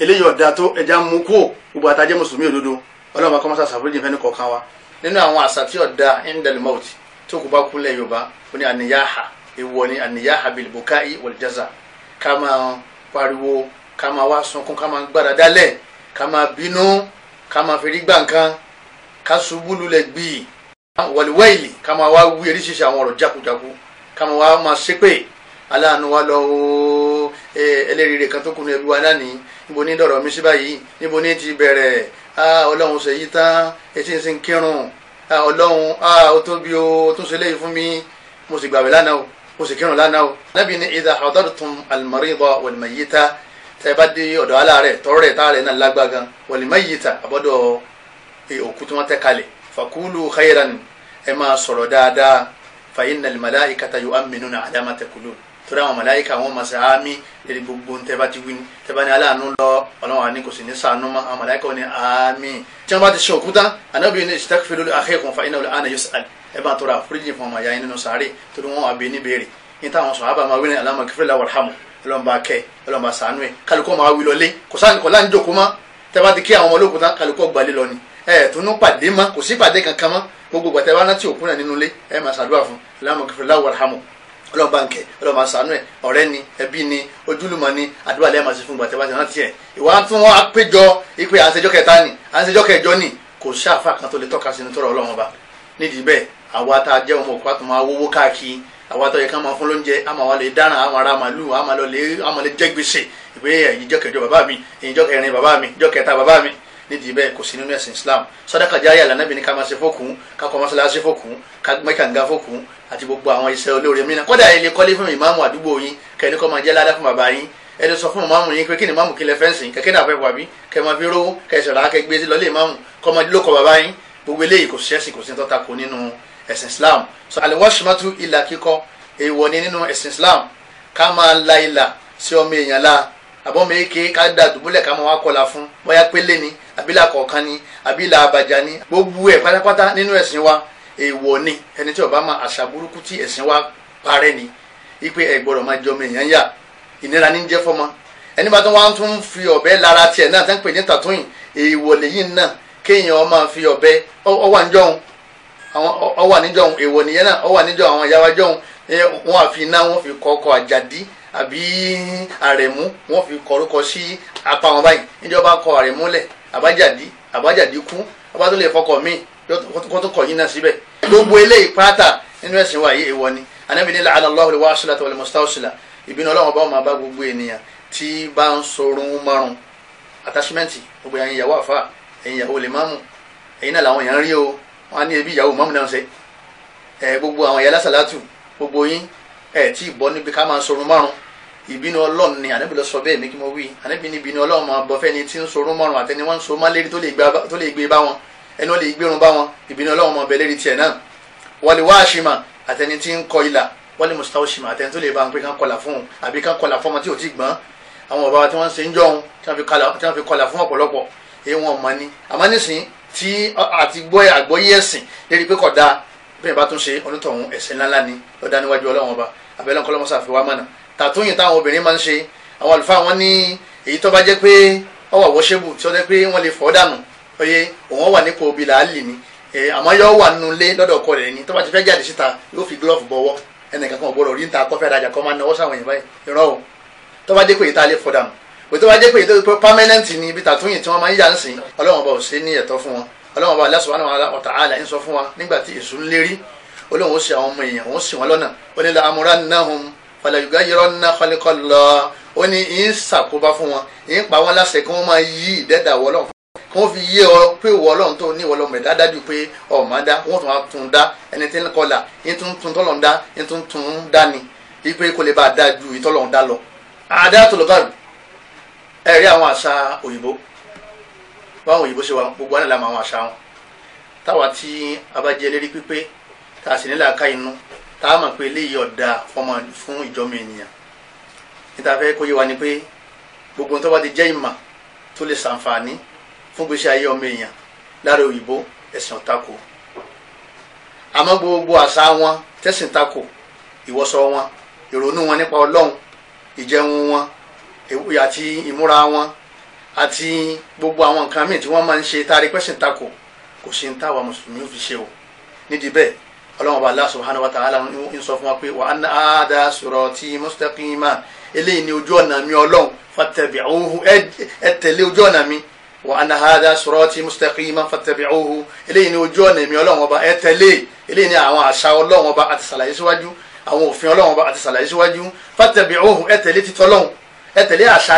eléyìí ọ̀dà tó ẹja mú kó gbogbo àtàjẹ́ mùsùlùmí òdodo ọlọ́run bá kọ́ mọ́sá sàbúrò jìn fẹ́ni kọ̀ọ̀kan wa nínú àwọn àṣà tí ọ̀dà indel mouth tó kò bá kú lẹ́yìn yorùbá ó ní àníyáha èèwọ̀ ní àníyáha bil bukai wal jaza ká máa pariwo ká máa wá sunkún ká máa gbára dálẹ̀ ká máa bínú ká máa fi rí gbà nǹkan ká ṣubú lulẹ̀ gbìyì wal waili ká máa wá wí eríṣiríṣi àwọn ọ̀rọ̀ jákujáku ká máa wá máa ṣépè aláàánú wa lọ ooo ẹlẹ́rìíre kan tó kù ní ẹbí wa náà ní níbo ní dọ̀rọ̀ mi sí báyìí níbo ní ti bẹ̀rẹ̀ ah, ọlọ́run ṣèyí tán etí ń kírun Ah, ọlọ́run ah, ó tún bí ó tún ṣe léyìí fún mi mo sì gbàwé lánàá o mo sì kírun lánàá o. anábì ní idha hadartum al-marida wal-mayyita tẹ́ bá dé ọ̀dọ̀ aláàrẹ̀ tọ́rẹ̀ táàrẹ̀ náà lágbá gan wal-mayyita àbọ̀dọ̀ eh, òkú tí wọ́n tẹ́ kalẹ̀ fakulu khayran ẹ máa sọ̀rọ̀ dáadáa fa inna al-malaikata yu'minuna ala ma taqulun torí àwọn màláíkà wọn máa ṣe àmì lórí gbogbo tẹ́ bá ti wí ni tẹ́ bá ní aláàánú lọ ọlọ́wọ́n àní kò sì ní sànú mọ́ àwọn màláíkà wọn ní àmì tí wọ́n bá ti ṣe òkúta anábìyẹn ní istaghfiru li akhikum fa innahu al-ana yus'al ẹ bá tọrọ àforíjì fún ọmọ yàyín nínú sàárè torí wọn àbí ní béèrè ní táwọn sọ̀rọ̀ àbá máa wí ní Allahumma ighfir lahu warhamhu ọlọ́mọba kẹ ọlọ́mọba sànú ẹ kálukọ́ máa wí lọlé kò sáà kọ́ láǹjọ kó má tẹ́ bá ti pàdé má kò sí pàdé kankan má gbogbo gbàtẹ́ bá náà tí òkú náà nínú ilé ẹ máa ṣàdúrà fún Allahumma ighfir lahu warhamhu ọlọ́ba nkẹ́ ọlọ́ba sànú ẹ̀ ọ̀rẹ́ ni ẹbí ni ojúlùmọ̀ ni àdúrà lẹ́yìn màsí fún gbàtẹ́ bá ti rántí ẹ̀ ìwà tí wọ́n á péjọ ipe àṣejọ́ kẹta ni àṣejọ́ kẹjọ ni kò sáfà kan tó lè tọ́ka sínú tọ́rọ ọlọ́run ọba nídìí bẹ́ẹ̀ àwa tá a jẹ́ ọmọ òkú àtúmọ̀ awówó káàkiri àwa tó yẹ ká máa fún lóúnjẹ àmọ́ àwa lè dáràn àwọn ará màlúù àmọ́ lè jẹ́ gbèsè ìpè nídìí bẹ́ẹ̀ kò sí nínú ẹ̀sìn Islam sàdáká járíyà lànàbì ní ká máa ṣe fókun ká kọ́ mọ́ṣáláṣí fókun ká mẹ́kànga fókun àti gbogbo àwọn iṣẹ́ olóore mìíràn kódà ilé kọ́lé fún ìmáàmù àdúgbò yín kẹ́ni kọ́ máa jẹ́ ládá fún bàbá yín ẹni sọ fún ìmáàmù yín pé kí ni ìmáàmù kí lẹ fẹ́ǹsì kẹ́kẹ́ náà fẹ́ wàbí kẹ́ máa fi rówó kẹ́ ṣọ̀rọ̀ akẹ́ gbé sí lọ́lé ìmáàmù kọ́ máa lóko Islam so àlewọ́ṣùmọ́tù ìlà ni nínú ẹ̀sìn Islam ká máa la àbọ̀ mi ké ká da dùbúlẹ̀ ká mọ wá kọlà fún bóyá pélé ni àbílà kọ̀ọ̀kan ni àbílà àbàjá ni gbogbo ẹ̀ pátápátá nínú ẹ̀sìn wa èèwọ̀ ni ẹni tí ó bá máa àṣà burúkú tí ẹ̀sìn wa parẹ́ ni ipe ẹ̀ gbọ́dọ̀ máa jọ ọmọ èèyàn yà ìnira ní jẹ́ fọmọ ẹni bá tó wá tún fi ọ̀bẹ lára tiẹ̀ náà tán pè ní tàtúyìn èèwọ̀ lẹ́yìn náà kéèyàn máa fi ọ̀bẹ ọwà níjọ́hun ọwà níjọ́hun èèwọ̀ nìyẹn náà àbí àrẹ̀mú wọ́n fi kọrúkọ sí apá wọn báyìí níjọba kọ àrẹ̀mú lẹ̀ àbájáde àbájáde kú abátó lè fọkọ míì kó tó kọ yín náà síbẹ̀ gbogbo eléyìí pátá nínú ẹ̀sìn wa yìí èèwọ̀ ni anábì ní làálà Allahu lè wá aṣọlá tàwọn mustawsila ìbínú ọlọ́run bá wọn máa bá gbogbo ènìyàn tí bá ń sorun márùn attachment gbogbo ẹ̀yin ìyàwó àfa ẹ̀yin ìyàwó lè máàmù ìbínú ọlọ́run ni ànábì lọ sọ bẹ́ẹ̀ mi kí mo wí ànábì ní ìbínú ọlọ́run máa bọ́ fẹ́ni tí ń sorún mọ́rùn àtẹni wọ́n ń so má lérí tó lè gbé bá wọn ẹni ó lè gbérun bá wọn ìbínú ọlọ́run máa bẹ lérí tiẹ̀ náà wọ́n lè wá àṣìmà àtẹni tí ń kọ ilà wọ́n lè mùsùlùmí àṣìmà àtẹni tó lè bá ń pé kán kọlà fún un àbí kán kọlà fún ọmọ tí ò tí gbọ́n àwọn bàbá tí wọ́n ń ṣe ń jọun tí wọ́n fi kọlà fún ọ̀pọ̀lọpọ̀ èyí wọn mọ̀ ni àmọ́ nísìnyí tí àti gbọ́ àgbọ́yé ẹ̀sìn lérí pé kódà bẹ́ẹ̀ bá tún ṣe onítọ̀hún ẹ̀sìn ńláńlá ni lọ́dá níwájú ọlọ́run ọba abẹ́lẹ́ ńkọ́lọ́mọ́sá fi wá mọ̀nà tàtúyìn táwọn obìnrin máa ń ṣe àwọn àlùfáà wọn ní èyí tó bá jẹ́ pé ó wà wọ́ṣẹ́bù tí ó jẹ́ pé wọ́n lè fọ́ dànù oye òun wà nípò obì làálì ni àmọ́ yọ wà nínú ilé lọ́dọ̀ ọkọ rẹ̀ ni tó bá ti fẹ́ jáde síta yóò fi glove bọ̀wọ́ ẹnìkan kan ò rí níta akọ́fẹ́ rajà kọ́ máa náwó sáwọn èèyàn báyìí irọ́ o tó bá jẹ́ pé èyí tá a lè fọ́ dànù pé tó bá jẹ́ pé èyí tó pé permanent ni ibi tàtúyìn tí wọ́n máa ń yà ń sìn ọlọ́run ọba ò sí ní ẹ̀tọ́ fún wọn ọlọ́run ọba Allah subhanahu wa ta'ala ń sọ fún wa nígbà tí èṣù ń lérí ọlọ́run ó sì àwọn ọmọ èèyàn òun sì wọn lọ́nà ó ní fala yugayyiranna khalqallah ó ní ìyín ṣàkóbá fún wọn ìyín pa wọn láṣẹ kí wọ́n máa yí ìdẹ́dà wọlọ́n fún wọn fi yé ọ pé ìwọ ọlọ́run tó ní ìwọ ọlọ́run ẹ̀dá dájú pé ọ̀ma dá wọ́n tún wá tún dá ẹni tí ń kọlà yín tún tún tọ́lọ̀ ń dá yín tún tún dá ni ipe kò lè bá a dá ju ìtọ́lọ̀ ń dá lọ. àdá tó lọ gàlù ẹ̀rí àwọn àṣà òyìnbó báwọn òyìnbó ṣe wà gbogbo àná làwọn àṣà wọn táwa tí abájẹ́ pípé tá a sì nílà ká inú ta a mọ̀ pé eléyìí ọ̀dà ọmọ fún ìjọmọ ènìyàn níta fẹ́ kó yé wa ni pé gbogbo tó bá ti jẹ́ ìmọ̀ tó lè ṣàǹfààní fún gbèsè ayé ọmọ èèyàn lára òyìnbó ẹ̀sìn ọ̀tako àmọ́ gbogbo àṣà wọn tẹ̀sìn tako ìwọṣọ wọn ìrònú wọn nípa ọlọ́run ìjẹun wọn àti ìmúra wọn àti gbogbo àwọn nǹkan míì tí wọ́n máa ń ṣe tá a rí pẹ́sìn tako kò sí ní táwa mùsùlùmí fi ṣe o nídìí bẹ́ẹ̀ ọlọ́run ọba Allah subhanahu wa ta'ala ń sọ fún wa pé wa anna hadha sirati mustaqima eléyìí ni ojú ọ̀nà mi ọlọ́run fattabi'uhu ẹ tẹ̀lé ojú ọ̀nà mi wa anna hadha sirati mustaqima fattabi'uhu eléyìí ni ojú ọ̀nà mi ọlọ́run ọba ẹ tẹ̀lé eléyìí ni àwọn àṣà ọlọ́run ọba àti sàlàyé síwájú àwọn òfin ọlọ́run ọba àti sàlàyé síwájú fattabi'uhu ẹ tẹ̀lé titọ́lọ́run ẹ tẹ̀lé àṣà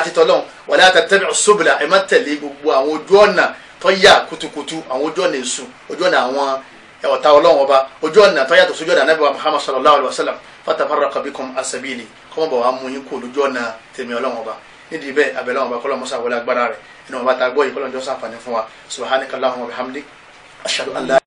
ọ̀tá ọlọ́run ọba ojú ọ̀nà tó yàtọ̀ sójú ọ̀nà ànábì wa muhammad sallallahu alayhi wa sallam fatafarraqa bikum asabili kọ́mọ̀ bọ̀ wá mú yín kú olójú ọ̀nà tèmi ọlọ́run ọba nídìí bẹ́ẹ̀ abẹ́lẹ́ ọba kọ́lọ́ musa wọlé agbára rẹ̀ inú ọba tá gbọ́ yìí kọ́lọ́ ń jọ́ sàǹfààní fún wa subhanakallahumma wa bihamdik ashhadu an la